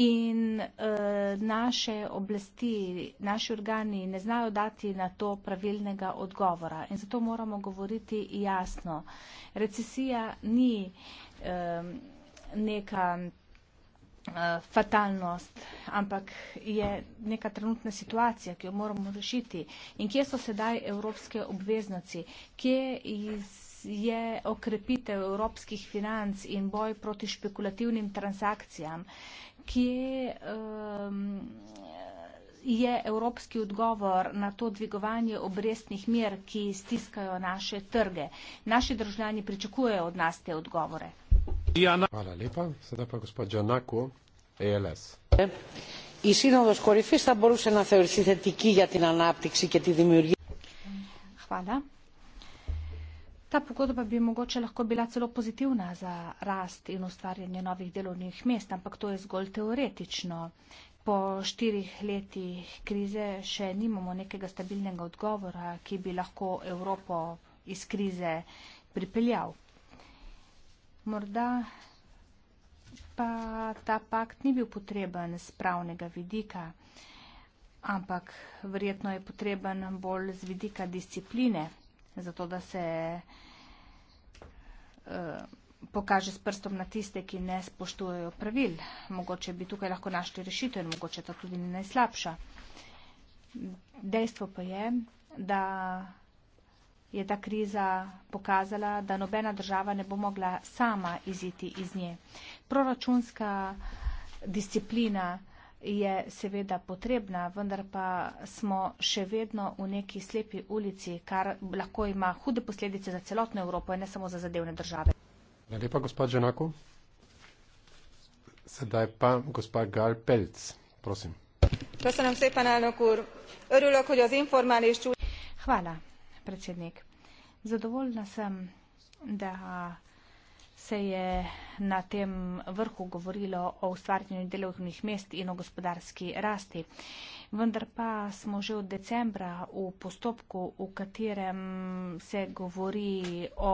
In uh, naše oblasti, naši organi ne znajo dati na to pravilnega odgovora. In zato moramo govoriti jasno. Recesija ni um, neka uh, fatalnost, ampak je neka trenutna situacija, ki jo moramo rešiti. In kje so sedaj evropske obveznosti? Kje iz je okrepitev evropskih financ in boj proti špekulativnim transakcijam, kje um, je evropski odgovor na to dvigovanje obrestnih mer, ki stiskajo naše trge. Naši državljani pričakujejo od nas te odgovore. Hvala lepa. Sedaj pa gospod Džanako, ELS. Η σύνοδος κορυφής θα μπορούσε να θεωρηθεί θετική για την ανάπτυξη και τη δημιουργία. Χαλά. Ta pogodba bi mogoče lahko bila celo pozitivna za rast in ustvarjanje novih delovnih mest, ampak to je zgolj teoretično. Po štirih letih krize še nimamo nekega stabilnega odgovora, ki bi lahko Evropo iz krize pripeljal. Morda pa ta pakt ni bil potreben z pravnega vidika, ampak verjetno je potreben bolj z vidika discipline zato da se uh, pokaže s prstom na tiste, ki ne spoštujejo pravil. Mogoče bi tukaj lahko našli rešitev in mogoče ta tudi ni najslabša. Dejstvo pa je, da je ta kriza pokazala, da nobena država ne bo mogla sama iziti iz nje. Proračunska disciplina je seveda potrebna, vendar pa smo še vedno v neki slepi ulici, kar lahko ima hude posledice za celotno Evropo in ne samo za zadevne države. Lepa, gospod Ženako. Sedaj pa gospod Gal Pelc, prosim. Prosim, vse pa nalokur. Rulo, ko jo z informali ščuti. Hvala, predsednik. Zadovoljna sem, da se je na tem vrhu govorilo o ustvarjanju delovnih mest in o gospodarski rasti. Vendar pa smo že od decembra v postopku, v katerem se govori o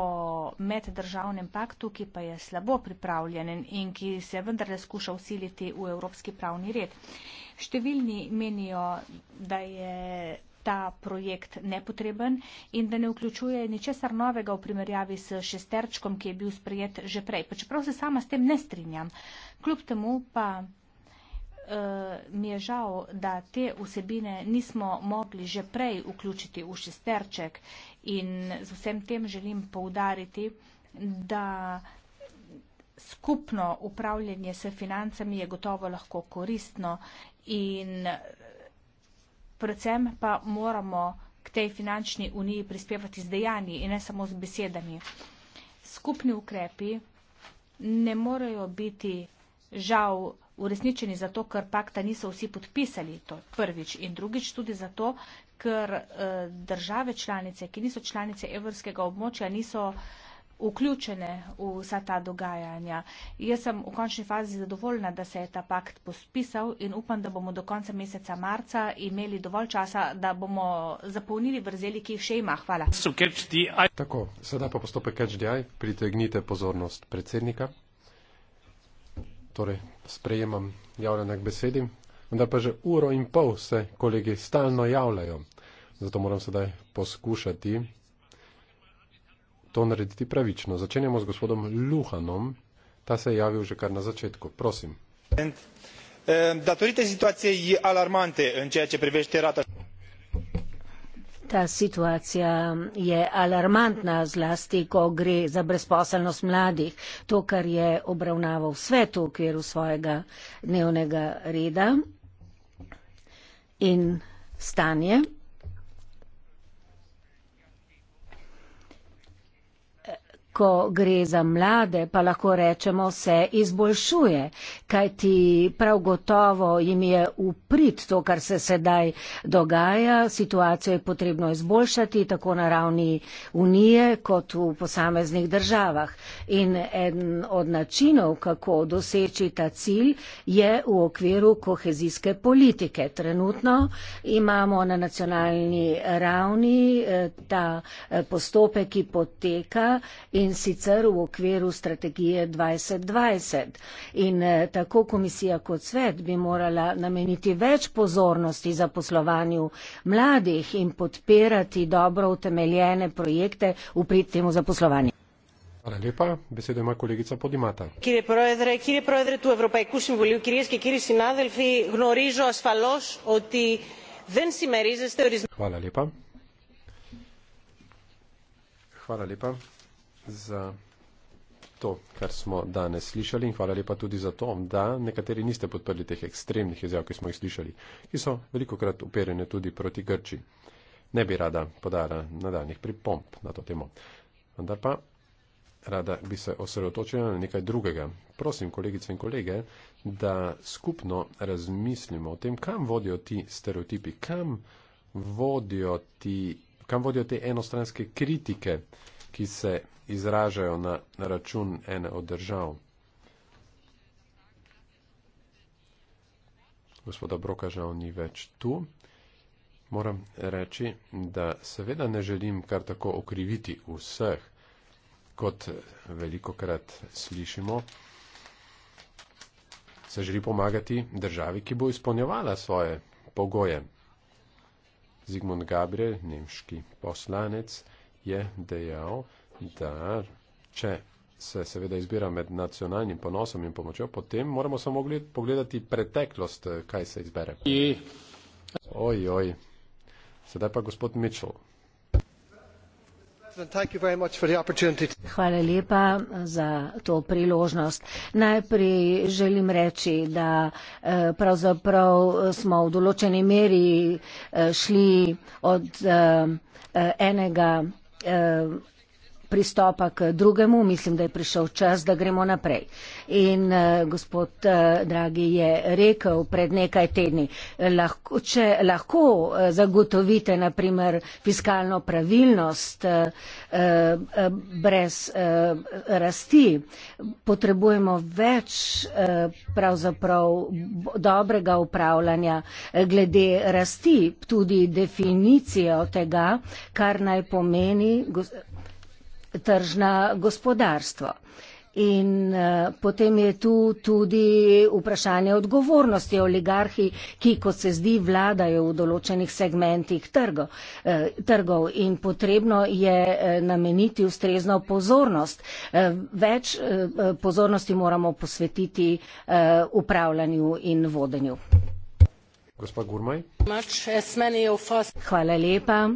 meddržavnem paktu, ki pa je slabo pripravljen in ki se vendarle skuša usiliti v evropski pravni red. Številni menijo, da je ta projekt nepotreben in da ne vključuje ničesar novega v primerjavi s šesterčkom, ki je bil sprejet že prej. Pa čeprav se sama s tem ne strinjam. Kljub temu pa uh, mi je žal, da te vsebine nismo mogli že prej vključiti v šesterček in z vsem tem želim poudariti, da skupno upravljanje s financami je gotovo lahko koristno in predvsem pa moramo k tej finančni uniji prispevati z dejanji in ne samo z besedami. Skupni ukrepi ne morejo biti žal uresničeni zato, ker pakta niso vsi podpisali, to je prvič in drugič tudi zato, ker eh, države članice, ki niso članice evropskega območja, niso uh, vključene v vsa ta dogajanja. Jaz sem v končni fazi zadovoljna, da se je ta pakt pospisal in upam, da bomo do konca meseca marca imeli dovolj časa, da bomo zapolnili vrzeli, ki jih še ima. Hvala. Tako, sedaj pa postopek HDI. Pritegnite pozornost predsednika. Torej, sprejemam javljanje k besedi. Vendar pa že uro in pol se kolegi stalno javljajo. Zato moram sedaj poskušati to narediti pravično. Začenjamo z gospodom Luhanom, ta se je javil že kar na začetku. Prosim. Datorite situacije je alarmante, če če prevešte rata. Ta situacija je alarmantna, zlasti, ko gre za brezposelnost mladih. To, kar je obravnaval svet v okviru svojega dnevnega reda in stanje. Ko gre za mlade, pa lahko rečemo, se izboljšuje, kajti prav gotovo jim je uprit to, kar se sedaj dogaja. Situacijo je potrebno izboljšati tako na ravni unije kot v posameznih državah. In en od načinov, kako doseči ta cilj, je v okviru kohezijske politike. Trenutno imamo na nacionalni ravni eh, ta eh, postopek, ki poteka. In in sicer v okviru strategije 2020. In eh, tako komisija kot svet bi morala nameniti več pozornosti za poslovanju mladih in podpirati dobro utemeljene projekte v prid temu zaposlovanju. Hvala lepa. Besedo ima kolegica Podimata. Hvala lepa. Hvala lepa za to, kar smo danes slišali in hvala lepa tudi za to, da nekateri niste podprli teh ekstremnih izjav, ki smo jih slišali, ki so veliko krat uperjene tudi proti Grči. Ne bi rada podala nadaljnih pripomp na to temo. Vendar pa rada bi se osredotočila na nekaj drugega. Prosim, kolegice in kolege, da skupno razmislimo o tem, kam vodijo ti stereotipi, kam vodijo, ti, kam vodijo te enostranske kritike, ki se izražajo na, na račun ene od držav. Gospoda Broka žal ni več tu. Moram reči, da seveda ne želim kar tako okriviti vseh, kot veliko krat slišimo. Se želi pomagati državi, ki bo izpolnjevala svoje pogoje. Zigmund Gabriel, nemški poslanec, je dejal, dar, če se seveda izbira med nacionalnim ponosom in pomočjo, potem moramo samo pogledati preteklost, kaj se izbere. Oj, oj. Sedaj pa gospod Mitchell. Hvala lepa eh, za to priložnost. Najprej želim reči, da eh, pravzaprav eh, smo v določeni meri šli od enega pristopa k drugemu, mislim, da je prišel čas, da gremo naprej. In uh, gospod uh, Dragi je rekel pred nekaj tedni, lahko, če lahko uh, zagotovite, naprimer, fiskalno pravilnost uh, uh, brez uh, rasti, potrebujemo več uh, pravzaprav dobrega upravljanja glede rasti, tudi definicijo tega, kar naj pomeni tržna gospodarstvo. In eh, potem je tu tudi vprašanje odgovornosti oligarhi, ki, kot se zdi, vladajo v določenih segmentih eh, trgov in potrebno je eh, nameniti ustrezno pozornost. Več pozornosti moramo posvetiti upravljanju in vodenju. Gospa Gurmaj. Hvala lepa.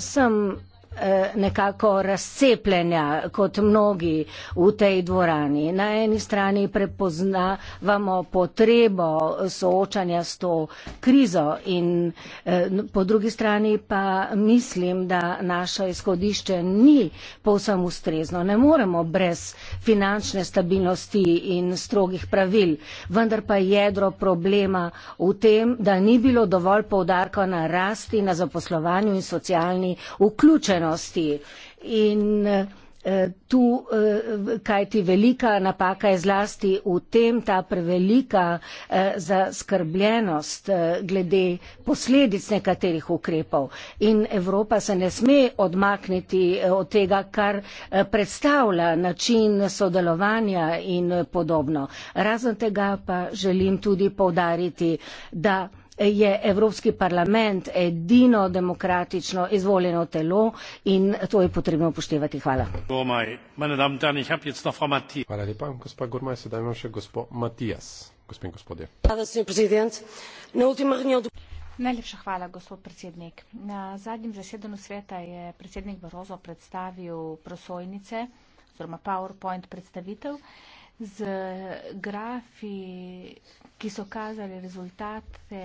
Sem Eh, nekako razcepljenja, kot mnogi v tej dvorani. Na eni strani prepoznavamo potrebo soočanja s to krizo in eh, po drugi strani pa mislim, da naše izhodišče ni povsem ustrezno. Ne moremo brez finančne stabilnosti in strogih pravil, vendar pa je jedro problema v tem, da ni bilo dovolj povdarka na rasti, na zaposlovanju in socialni vključenosti zaposlenosti. In eh, tu, eh, kaj ti velika napaka je zlasti v tem, ta prevelika eh, zaskrbljenost glede posledic nekaterih ukrepov. In Evropa se ne sme odmakniti od tega, kar predstavlja način sodelovanja in podobno. Razen tega pa želim tudi povdariti, da je Evropski parlament edino demokratično izvoljeno telo in to je potrebno upoštevati. Hvala. Hvala lepa. Gospa Gormaj, sedaj imam še gospo Matijas. Gospod in gospodje. Najlepša hvala, gospod predsednik. Na zadnjem zasedanju sveta je predsednik Barozo predstavil prosojnice oziroma PowerPoint predstavitev z grafi, ki so kazali rezultate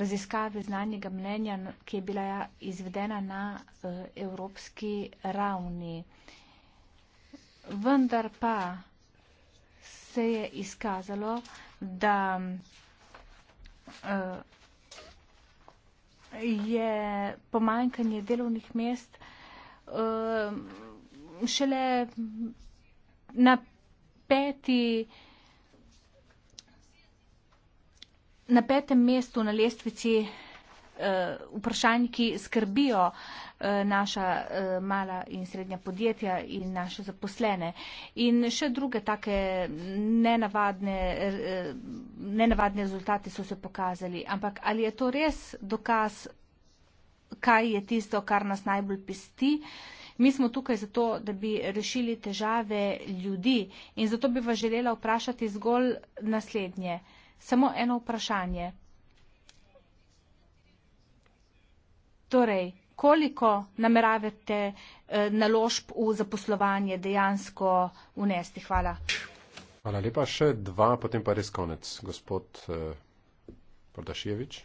raziskave znanjega mnenja, ki je bila ja, izvedena na eh, evropski ravni. Vendar pa se je izkazalo, da eh, je pomanjkanje delovnih mest eh, šele na peti, na petem mestu na lestvici eh, vprašanj, ki skrbijo eh, naša eh, mala in srednja podjetja in naše zaposlene. In še druge take nenavadne, nenavadne rezultate so se pokazali. Ampak ali je to res dokaz, kaj je tisto, kar nas najbolj pesti? Mi smo tukaj zato, da bi rešili težave ljudi in zato bi vas želela vprašati zgolj naslednje. Samo eno vprašanje. Torej, koliko nameravate eh, naložb v zaposlovanje dejansko unesti? Hvala. Hvala lepa. Še dva, potem pa res konec. Gospod eh, Pardašjevič.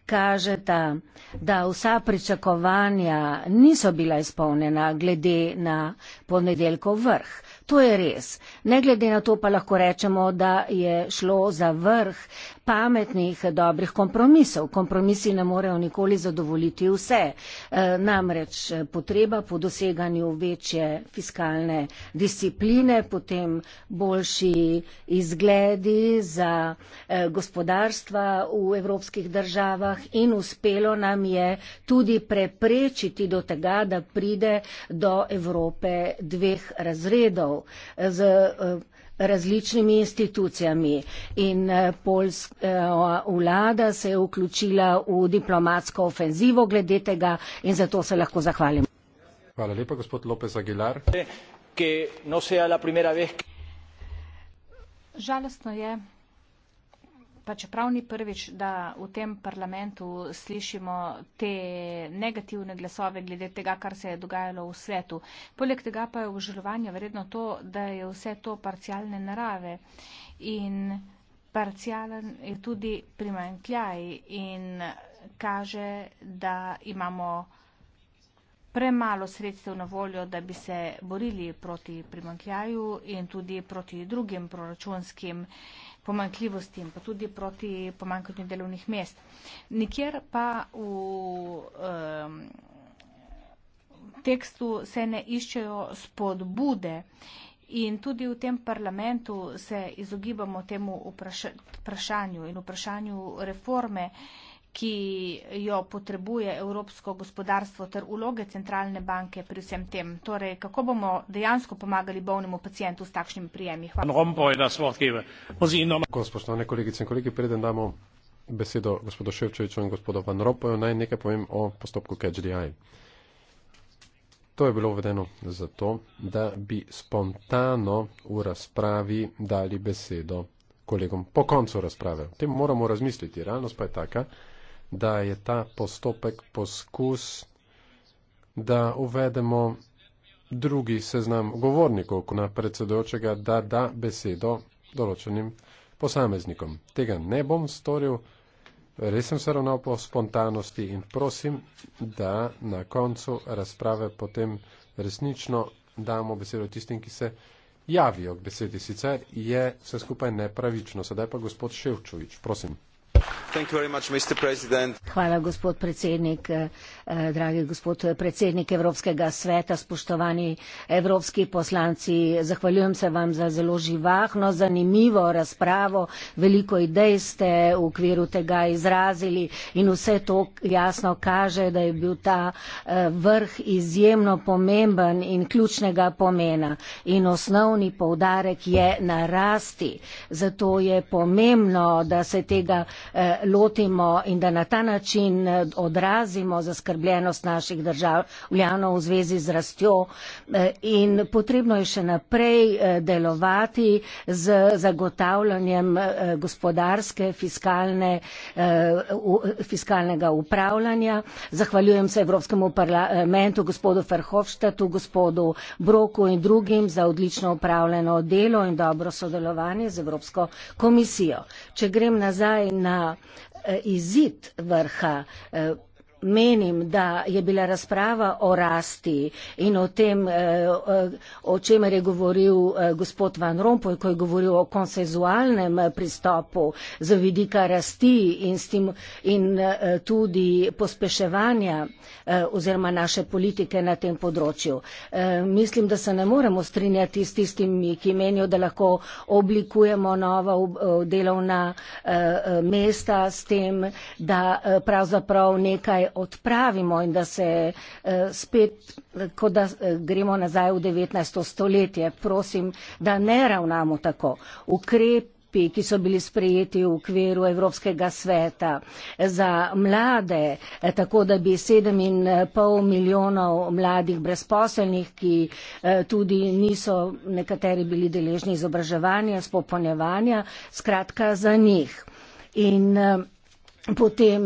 kažeta, da vsa pričakovanja niso bila izpolnjena glede na ponedeljkov vrh. To je res. Ne glede na to pa lahko rečemo, da je šlo za vrh pametnih, dobrih kompromisov. Kompromisi ne morejo nikoli zadovoljiti vse. E, namreč potreba po doseganju večje fiskalne discipline, potem boljši izgledi za e, gospodarstva v evropskih državah, državah in uspelo nam je tudi preprečiti do tega, da pride do Evrope dveh razredov z eh, različnimi institucijami. In eh, polska eh, vlada se je vključila v diplomatsko ofenzivo glede tega in zato se lahko zahvalim. Hvala lepa, gospod Lopez Aguilar. No Žalostno je, pa čeprav ni prvič, da v tem parlamentu slišimo te negativne glasove glede tega, kar se je dogajalo v svetu. Poleg tega pa je obžalovanje vredno to, da je vse to parcialne narave in parcialen je tudi primankljaj in kaže, da imamo premalo sredstev na voljo, da bi se borili proti primankljaju in tudi proti drugim proračunskim pomankljivosti in pa tudi proti pomankanju delovnih mest. Nikjer pa v um, tekstu se ne iščejo spodbude in tudi v tem parlamentu se izogibamo temu vprašanju in vprašanju reforme. Uh, ki jo potrebuje evropsko gospodarstvo ter uloge centralne banke pri vsem tem. Torej, kako bomo dejansko pomagali bolnemu pacijentu s takšnimi prijemi? Hvala. Besedo gospodu Ševčeviču in gospodu Van Ropoju naj nekaj povem o postopku CatchDI. To je bilo uvedeno zato, da bi spontano v razpravi dali besedo kolegom po koncu razprave. O tem moramo razmisliti. Realnost pa je taka, da je ta postopek poskus, da uvedemo drugi seznam govornikov, ko na predsedočega, da da besedo določenim posameznikom. Tega ne bom storil, res sem se ravnal po spontanosti in prosim, da na koncu razprave potem resnično damo besedo tistim, ki se javijo k besedi. Sicer je vse skupaj nepravično. Sedaj pa gospod Ševčovič, prosim. Hvala, gospod predsednik. Eh, dragi gospod predsednik Evropskega sveta, spoštovani evropski poslanci, zahvaljujem se vam za zelo živahno, zanimivo razpravo. Veliko idej ste v okviru tega izrazili in vse to jasno kaže, da je bil ta eh, vrh izjemno pomemben in ključnega pomena. In osnovni povdarek je na rasti. Zato je pomembno, da se tega Eh, lotimo in da na ta način eh, odrazimo zaskrbljenost naših državljanov v zvezi z rastjo. Eh, in potrebno je še naprej delovati z zagotavljanjem gospodarske, fiskalne, fiskalnega upravljanja. Zahvaljujem se Evropskemu parlamentu, gospodu Ferhofštatu, gospodu Broku in drugim za odlično upravljeno delo in dobro sodelovanje z Evropsko komisijo. Če grem nazaj na Eh, izid vrha eh, menim, da je bila razprava o rasti in o tem, eh, o čemer je govoril eh, gospod Van Rompuy, ko je govoril o konsenzualnem eh, pristopu za vidika rasti in, tim, in tudi pospeševanja oziroma naše politike na tem področju. Mislim, da se ne moremo strinjati s tistimi, ki menijo, da lahko oblikujemo nova delovna mesta s tem, da pravzaprav nekaj odpravimo in da se eh, spet, kot da eh, gremo nazaj v 19. stoletje, prosim, da ne ravnamo tako. Ukrep ki so bili sprejeti v okviru Evropskega sveta za mlade, eh, tako da bi 7,5 milijonov mladih brezposelnih, ki tudi niso nekateri bili deležni izobraževanja, spopolnjevanja, skratka za njih. In potem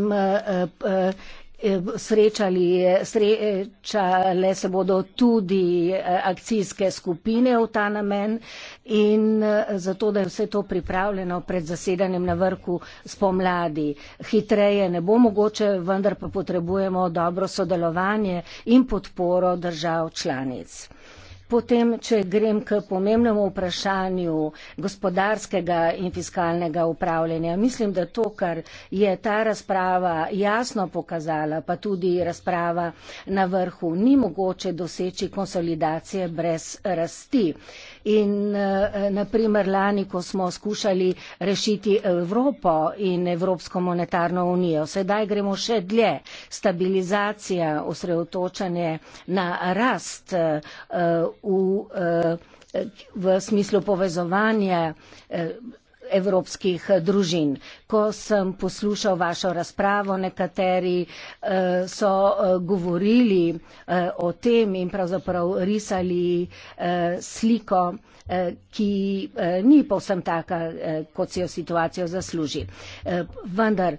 srečali, srečale se bodo tudi eh, akcijske skupine v ta namen in eh, zato, da je vse to pripravljeno pred zasedanjem na vrhu spomladi. Hitreje ne bo mogoče, vendar pa potrebujemo dobro sodelovanje in podporo držav članic. Potem, če grem k pomembnemu vprašanju gospodarskega in fiskalnega upravljanja, mislim, da to, kar je ta razprava jasno pokazala, pa tudi razprava na vrhu, ni mogoče doseči konsolidacije brez rasti. In eh, naprimer lani, ko smo skušali rešiti Evropo in Evropsko monetarno unijo, sedaj gremo še dlje. Stabilizacija, osredotočanje na rast eh, v, eh, v smislu povezovanja evropskih eh, družin. Ko sem poslušal vašo razpravo, nekateri eh, so eh, govorili eh, o tem in pravzaprav risali eh, sliko, eh, ki eh, ni povsem taka, eh, kot si jo situacijo zasluži. Eh, vendar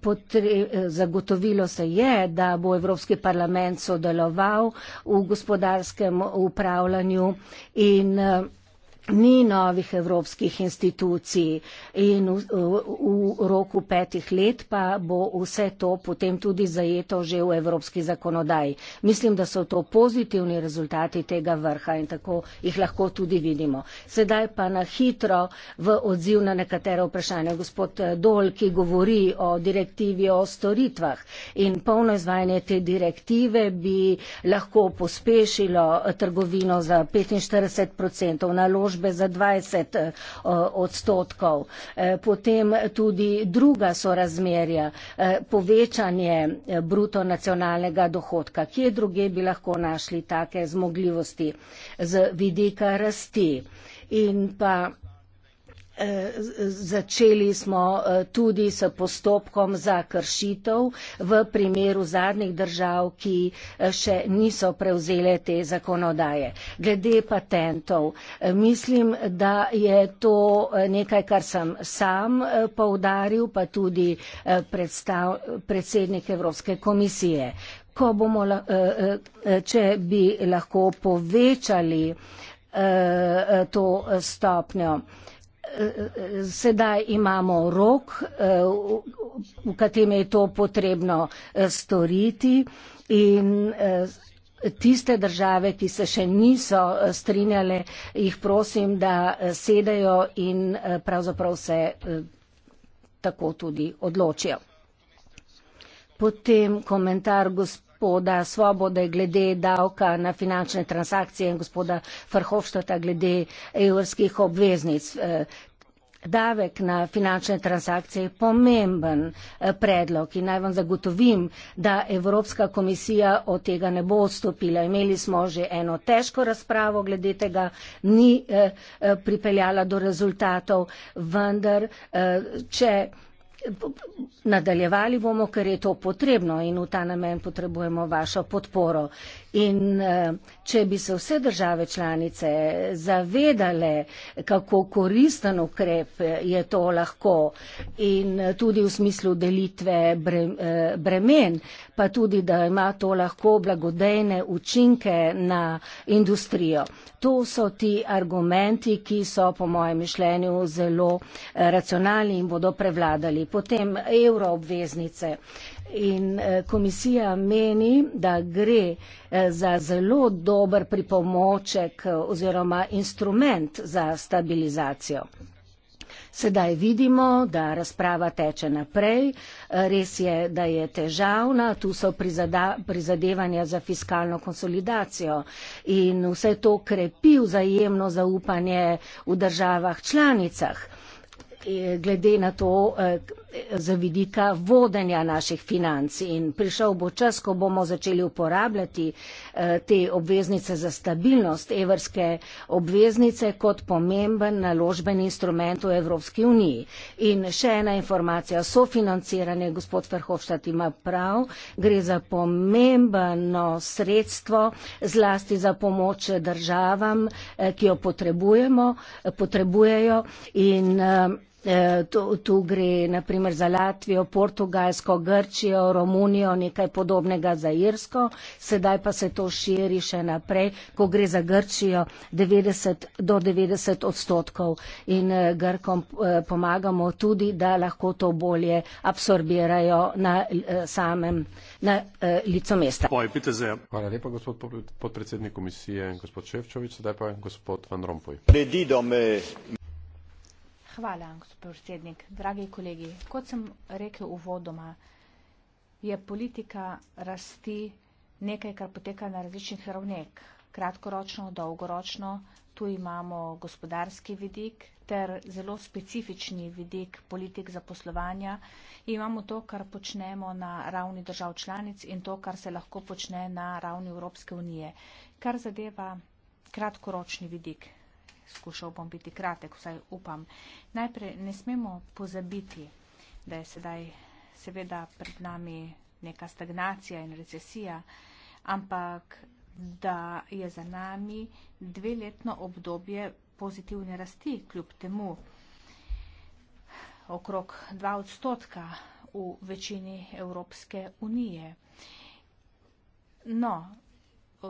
potre, eh, zagotovilo se je, da bo Evropski parlament sodeloval v gospodarskem upravljanju in eh, ni novih evropskih institucij in v, v, v roku petih let pa bo vse to potem tudi zajeto že v evropski zakonodaj. Mislim, da so to pozitivni rezultati tega vrha in tako jih lahko tudi vidimo. Sedaj pa na hitro v odziv na nekatere vprašanja. Gospod eh, Dol, ki govori o direktivi o storitvah in polno izvajanje te direktive bi lahko pospešilo eh, trgovino za 45 odstotkov naložb pritožbe za 20 eh, odstotkov. Eh, potem tudi druga sorazmerja, eh, povečanje bruto nacionalnega dohodka. Kje druge bi lahko našli take zmogljivosti z vidika rasti? In pa začeli smo eh, tudi s postopkom za kršitev v primeru zadnjih držav, ki eh, še niso prevzele te zakonodaje. Glede patentov, eh, mislim, da je to nekaj, kar sem sam povdaril, pa tudi predstav, predsednik Evropske komisije. Ko bomo, če bi lahko povečali to stopnjo, sedaj imamo rok, eh, v katerem je to potrebno eh, storiti in eh, tiste države, ki se še niso strinjale, jih prosim, da sedajo in pravzaprav se tako tudi odločijo. Potem komentar gospod gospoda Svobode glede davka na finančne transakcije in gospoda Farhovštata glede evrskih obveznic. E, davek na finančne transakcije je pomemben e, predlog in naj vam zagotovim, da Evropska komisija od tega ne bo odstopila. Imeli smo že eno težko razpravo glede tega, ni eh, pripeljala do rezultatov, vendar eh, če nadaljevali bomo, ker je to potrebno in v ta namen potrebujemo vašo podporo. In eh, če bi se vse države članice zavedale, kako koristen ukrep eh, je to lahko in eh, tudi v smislu delitve bremen, pa tudi, da ima to lahko blagodejne učinke na industrijo. To so ti argumenti, ki so po mojem mišljenju zelo racionalni in bodo prevladali. Potem evroobveznice. In eh, komisija meni, da gre eh, za zelo dober pripomoček eh, oziroma instrument za stabilizacijo. Sedaj vidimo, da razprava teče naprej. Res je, da je težavna. Tu so prizadevanja za fiskalno konsolidacijo in vse to krepi vzajemno zaupanje v državah članicah. Glede na to, z vidika vodenja naših financ in prišel bo čas, ko bomo začeli uporabljati eh, te obveznice za stabilnost, evrske obveznice kot pomemben naložben instrument v Evropski uniji. In še ena informacija, sofinanciranje, gospod Verhofštat ima prav, gre za pomembno sredstvo zlasti za pomoč državam, eh, ki jo potrebujemo, potrebujejo in eh, Eh, to, tu gre naprimer za Latvijo, Portugalsko, Grčijo, Romunijo, nekaj podobnega za Irsko, sedaj pa se to širi še naprej, ko gre za Grčijo 90 do 90 odstotkov in eh, Grkom eh, pomagamo tudi, da lahko to bolje absorbirajo na samem na licu mesta. Hvala lepa, gospod podpredsednik komisije, gospod Ševčovič, sedaj pa gospod Van Rompuy. Hvala, gospod predsednik. Dragi kolegi, kot sem rekel uvodoma, je politika rasti nekaj, kar poteka na različnih ravnek, kratkoročno, dolgoročno. Tu imamo gospodarski vidik ter zelo specifični vidik politik zaposlovanja. Imamo to, kar počnemo na ravni držav članic in to, kar se lahko počne na ravni Evropske unije. Kar zadeva kratkoročni vidik, skušal bom biti kratek, vsaj upam. Najprej ne smemo pozabiti, da je sedaj seveda pred nami neka stagnacija in recesija, ampak da je za nami dveletno obdobje pozitivne rasti, kljub temu okrog 2 odstotka v večini Evropske unije. No,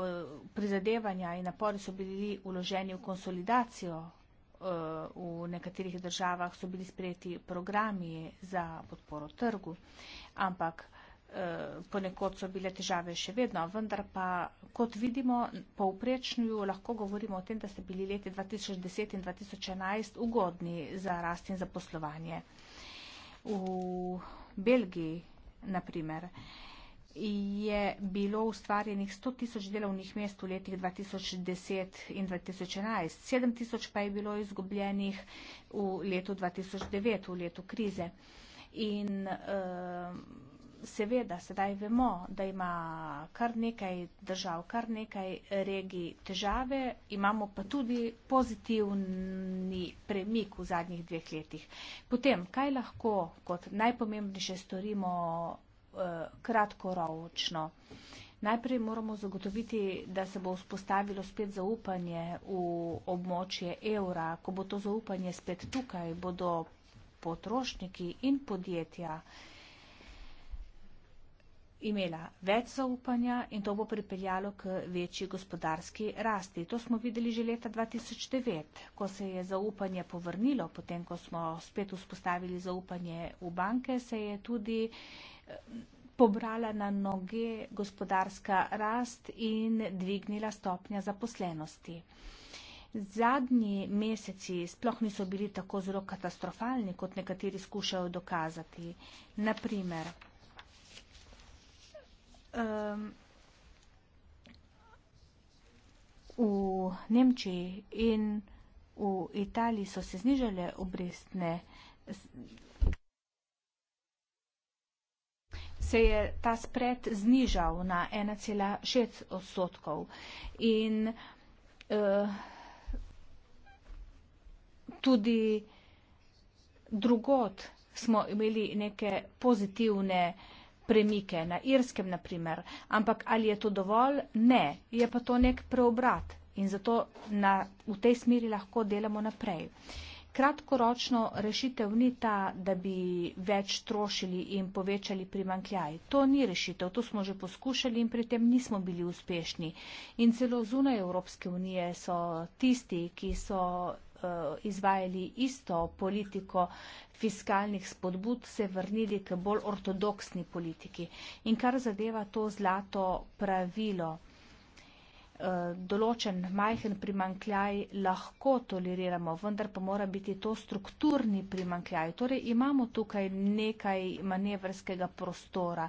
Eh, prizadevanja in napori so bili uloženi v konsolidacijo. Eh, v nekaterih državah so bili sprejeti programi za podporo trgu, ampak eh, ponekod so bile težave še vedno. Vendar pa, kot vidimo, po uprečnju lahko govorimo o tem, da ste bili leti 2010 in 2011 ugodni za rast in za poslovanje. V Belgiji, naprimer, je bilo ustvarjenih 100 tisoč delovnih mest v letih 2010 in 2011, 7 tisoč pa je bilo izgubljenih v letu 2009, v letu krize. In uh, seveda, sedaj vemo, da ima kar nekaj držav, kar nekaj regij težave, imamo pa tudi pozitivni premik v zadnjih dveh letih. Potem, kaj lahko kot najpomembnejše storimo Eh, kratkoročno. Najprej moramo zagotoviti, da se bo vzpostavilo spet zaupanje v območje evra. Ko bo to zaupanje spet tukaj, bodo potrošniki in podjetja imela več zaupanja in to bo pripeljalo k večji gospodarski rasti. To smo videli že leta 2009, ko se je zaupanje povrnilo, potem ko smo spet vzpostavili zaupanje v banke, se je tudi eh, pobrala na noge gospodarska rast in dvignila stopnja zaposlenosti. Zadnji meseci sploh niso bili tako zelo katastrofalni, kot nekateri skušajo dokazati. Naprimer, um, v Nemčiji in v Italiji so se znižale obrestne se je ta spred znižal na 1,6 odstotkov. In eh, tudi drugot smo imeli neke pozitivne premike, na Irskem naprimer, ampak ali je to dovolj? Ne, je pa to nek preobrat in zato v tej smeri lahko delamo naprej kratkoročno rešitev ni ta, da bi več trošili in povečali primankljaj. To ni rešitev, to smo že poskušali in pri tem nismo bili uspešni. In celo zunaj Evropske unije so tisti, ki so eh, izvajali isto politiko fiskalnih spodbud, se vrnili k bolj ortodoksni politiki. In kar zadeva to zlato pravilo, Eh, določen majhen primankljaj lahko toleriramo, vendar pa mora biti to strukturni primankljaj. Torej imamo tukaj nekaj manevrskega prostora.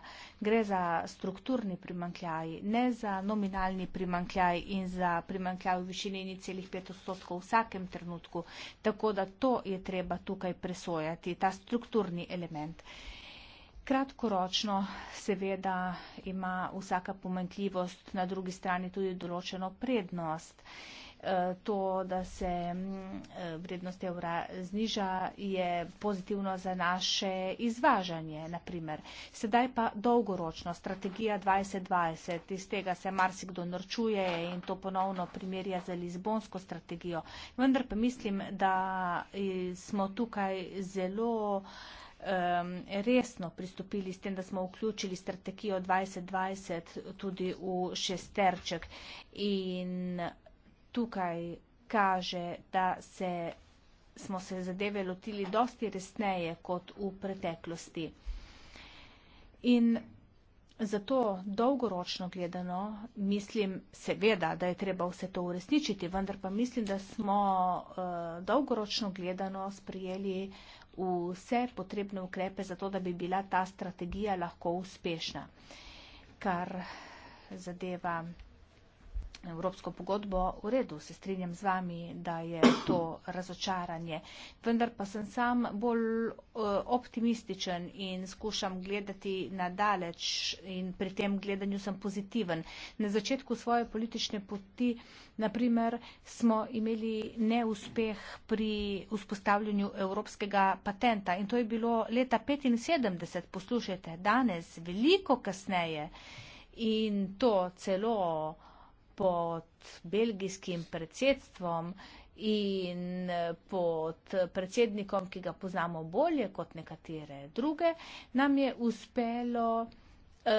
Gre za strukturni primankljaj, ne za nominalni primankljaj in za primankljaj v višini 1,5 odstotka v vsakem trenutku. Tako da to je treba tukaj presojati, ta strukturni element. Uh, Kratkoročno seveda ima vsaka pomankljivost na drugi strani tudi določeno prednost. E, to, da se e, vrednost evra zniža, je pozitivno za naše izvažanje, naprimer. Sedaj pa dolgoročno, strategija 2020, iz tega se marsikdo norčuje in to ponovno primerja za Lizbonsko strategijo. Vendar pa mislim, da e, smo tukaj zelo um, resno pristopili s tem, da smo vključili strategijo 2020 tudi v šesterček in tukaj kaže, da se, smo se zadeve lotili dosti resneje kot v preteklosti. In Zato dolgoročno gledano mislim seveda, da je treba vse to uresničiti, vendar pa mislim, da smo uh, dolgoročno gledano sprijeli vse potrebne ukrepe za to, da bi bila ta strategija lahko uspešna. Kar zadeva Evropsko pogodbo v redu, se strinjam z vami, da je to razočaranje. Vendar pa sem sam bolj eh, optimističen in skušam gledati nadaleč in pri tem gledanju sem pozitiven. Na začetku svoje politične poti, naprimer, smo imeli neuspeh pri vzpostavljanju evropskega patenta in to je bilo leta 1975, poslušajte, danes, veliko kasneje in to celo pod belgijskim predsedstvom in eh, pod predsednikom, ki ga poznamo bolje kot nekatere druge, nam je uspelo uh,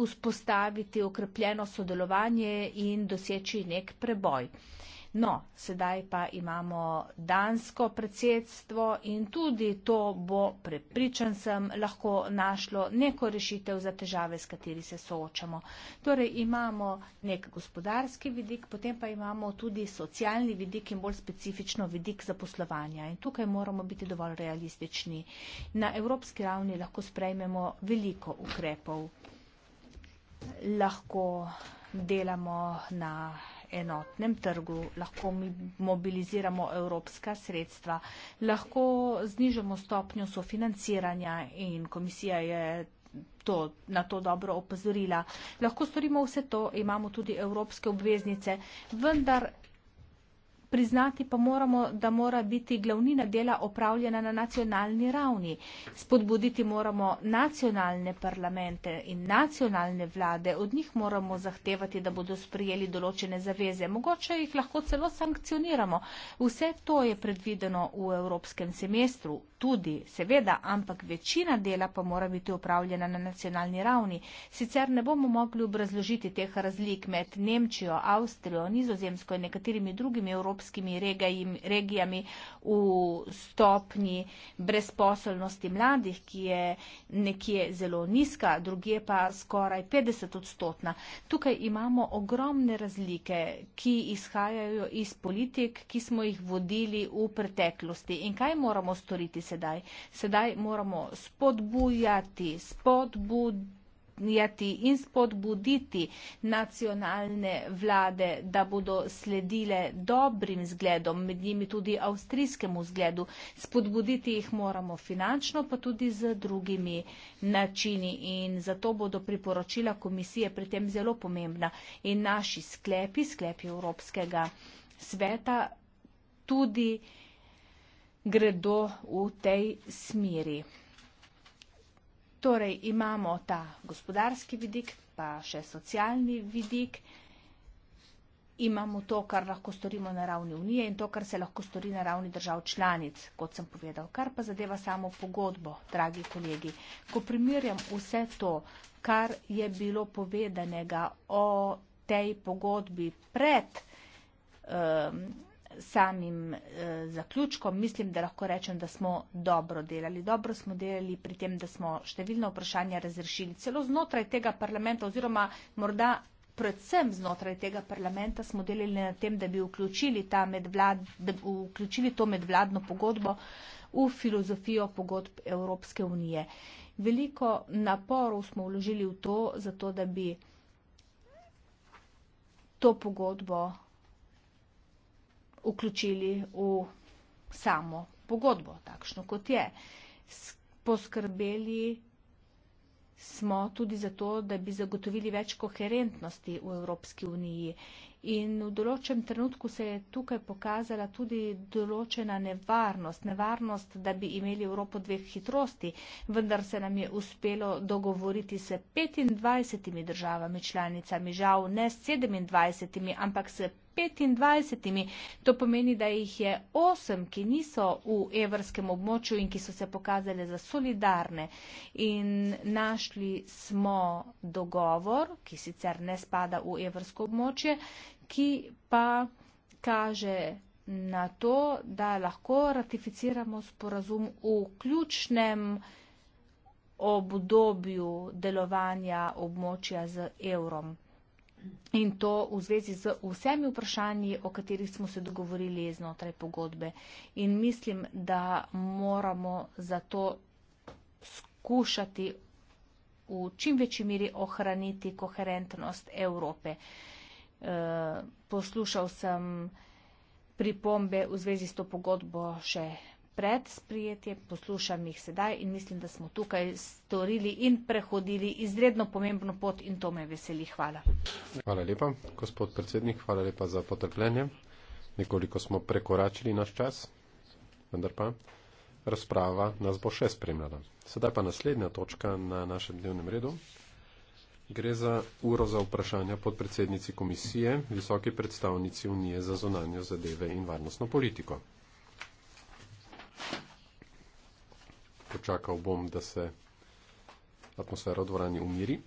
vzpostaviti okrepljeno sodelovanje in doseči nek preboj. No, sedaj pa imamo dansko predsedstvo in tudi to bo prepričan sem lahko našlo neko rešitev za težave, s kateri se soočamo. Torej imamo nek gospodarski vidik, potem pa imamo tudi socialni vidik in bolj specifično vidik zaposlovanja. In tukaj moramo biti dovolj realistični. Na evropski ravni lahko sprejmemo veliko ukrepov. Lahko delamo na enotnem trgu, lahko mi mobiliziramo evropska sredstva, lahko znižamo stopnjo sofinanciranja in komisija je. To, na to dobro opozorila. Lahko storimo vse to, imamo tudi evropske obveznice, vendar priznati pa moramo, da mora biti glavnina dela opravljena na nacionalni ravni. Spodbuditi moramo nacionalne parlamente in nacionalne vlade, od njih moramo zahtevati, da bodo sprijeli določene zaveze. Mogoče jih lahko celo sankcioniramo. Vse to je predvideno v evropskem semestru, tudi seveda, ampak večina dela pa mora biti opravljena na nacionalni ravni. Sicer ne bomo mogli obrazložiti teh razlik med Nemčijo, Avstrijo, Nizozemsko in nekaterimi drugimi evropskimi evropskimi regijami v stopnji brezposelnosti mladih, ki je nekje zelo nizka, druge pa skoraj 50 odstotna. Tukaj imamo ogromne razlike, ki izhajajo iz politik, ki smo jih vodili v preteklosti. In kaj moramo storiti sedaj? Sedaj moramo spodbujati, spodbujati spodbujati in spodbuditi nacionalne vlade, da bodo sledile dobrim zgledom, med njimi tudi avstrijskemu zgledu. Spodbuditi jih moramo finančno, pa tudi z drugimi načini in zato bodo priporočila komisije pri tem zelo pomembna. In naši sklepi, sklepi Evropskega sveta, tudi gredo v tej smeri. Torej imamo ta gospodarski vidik, pa še socialni vidik, imamo to, kar lahko storimo na ravni Unije in to, kar se lahko stori na ravni držav članic, kot sem povedal, kar pa zadeva samo pogodbo, dragi kolegi. Ko primerjam vse to, kar je bilo povedanega o tej pogodbi pred. Um, samim eh, zaključkom mislim, da lahko rečem, da smo dobro delali. Dobro smo delali pri tem, da smo številna vprašanja razrešili. Celo znotraj tega parlamenta oziroma morda predvsem znotraj tega parlamenta smo delali na tem, da bi vključili, medvlad, da bi vključili to medvladno pogodbo v filozofijo pogodb Evropske unije. Veliko naporov smo vložili v to, zato da bi to pogodbo vključili v samo pogodbo, takšno kot je. Poskrbeli smo tudi zato, da bi zagotovili več koherentnosti v Evropski uniji. In v določenem trenutku se je tukaj pokazala tudi določena nevarnost, nevarnost, da bi imeli Evropo dveh hitrosti, vendar se nam je uspelo dogovoriti se 25 državami članicami, žal ne s 27, ampak s 25. To pomeni, da jih je 8, ki niso v evrskem območju in ki so se pokazali za solidarne. In našli smo dogovor, ki sicer ne spada v evrsko območje, ki pa kaže na to, da lahko ratificiramo sporazum v ključnem obdobju delovanja območja z evrom. In to v zvezi z vsemi vprašanji, o katerih smo se dogovorili znotraj pogodbe. In mislim, da moramo zato skušati v čim večji miri ohraniti koherentnost Evrope. E, poslušal sem pripombe v zvezi s to pogodbo še pred sprijetjem, poslušam jih sedaj in mislim, da smo tukaj storili in prehodili izredno pomembno pot in to me veseli. Hvala. Hvala lepa, gospod predsednik, hvala lepa za potrpljenje. Nekoliko smo prekoračili naš čas, vendar pa razprava nas bo še spremljala. Sedaj pa naslednja točka na našem dnevnem redu. Gre za uro za vprašanja podpredsednici komisije, visoki predstavnici Unije za zonanje zadeve in varnostno politiko. počakal bom, da se atmosfera v dvorani umiri.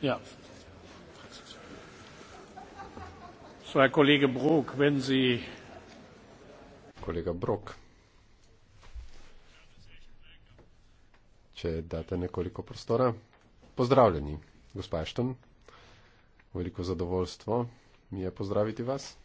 Ja. kolega brok če date nekoliko prostora pozdravljeni gospa ashton veliko zadovoljstvo mi je pozdraviti vas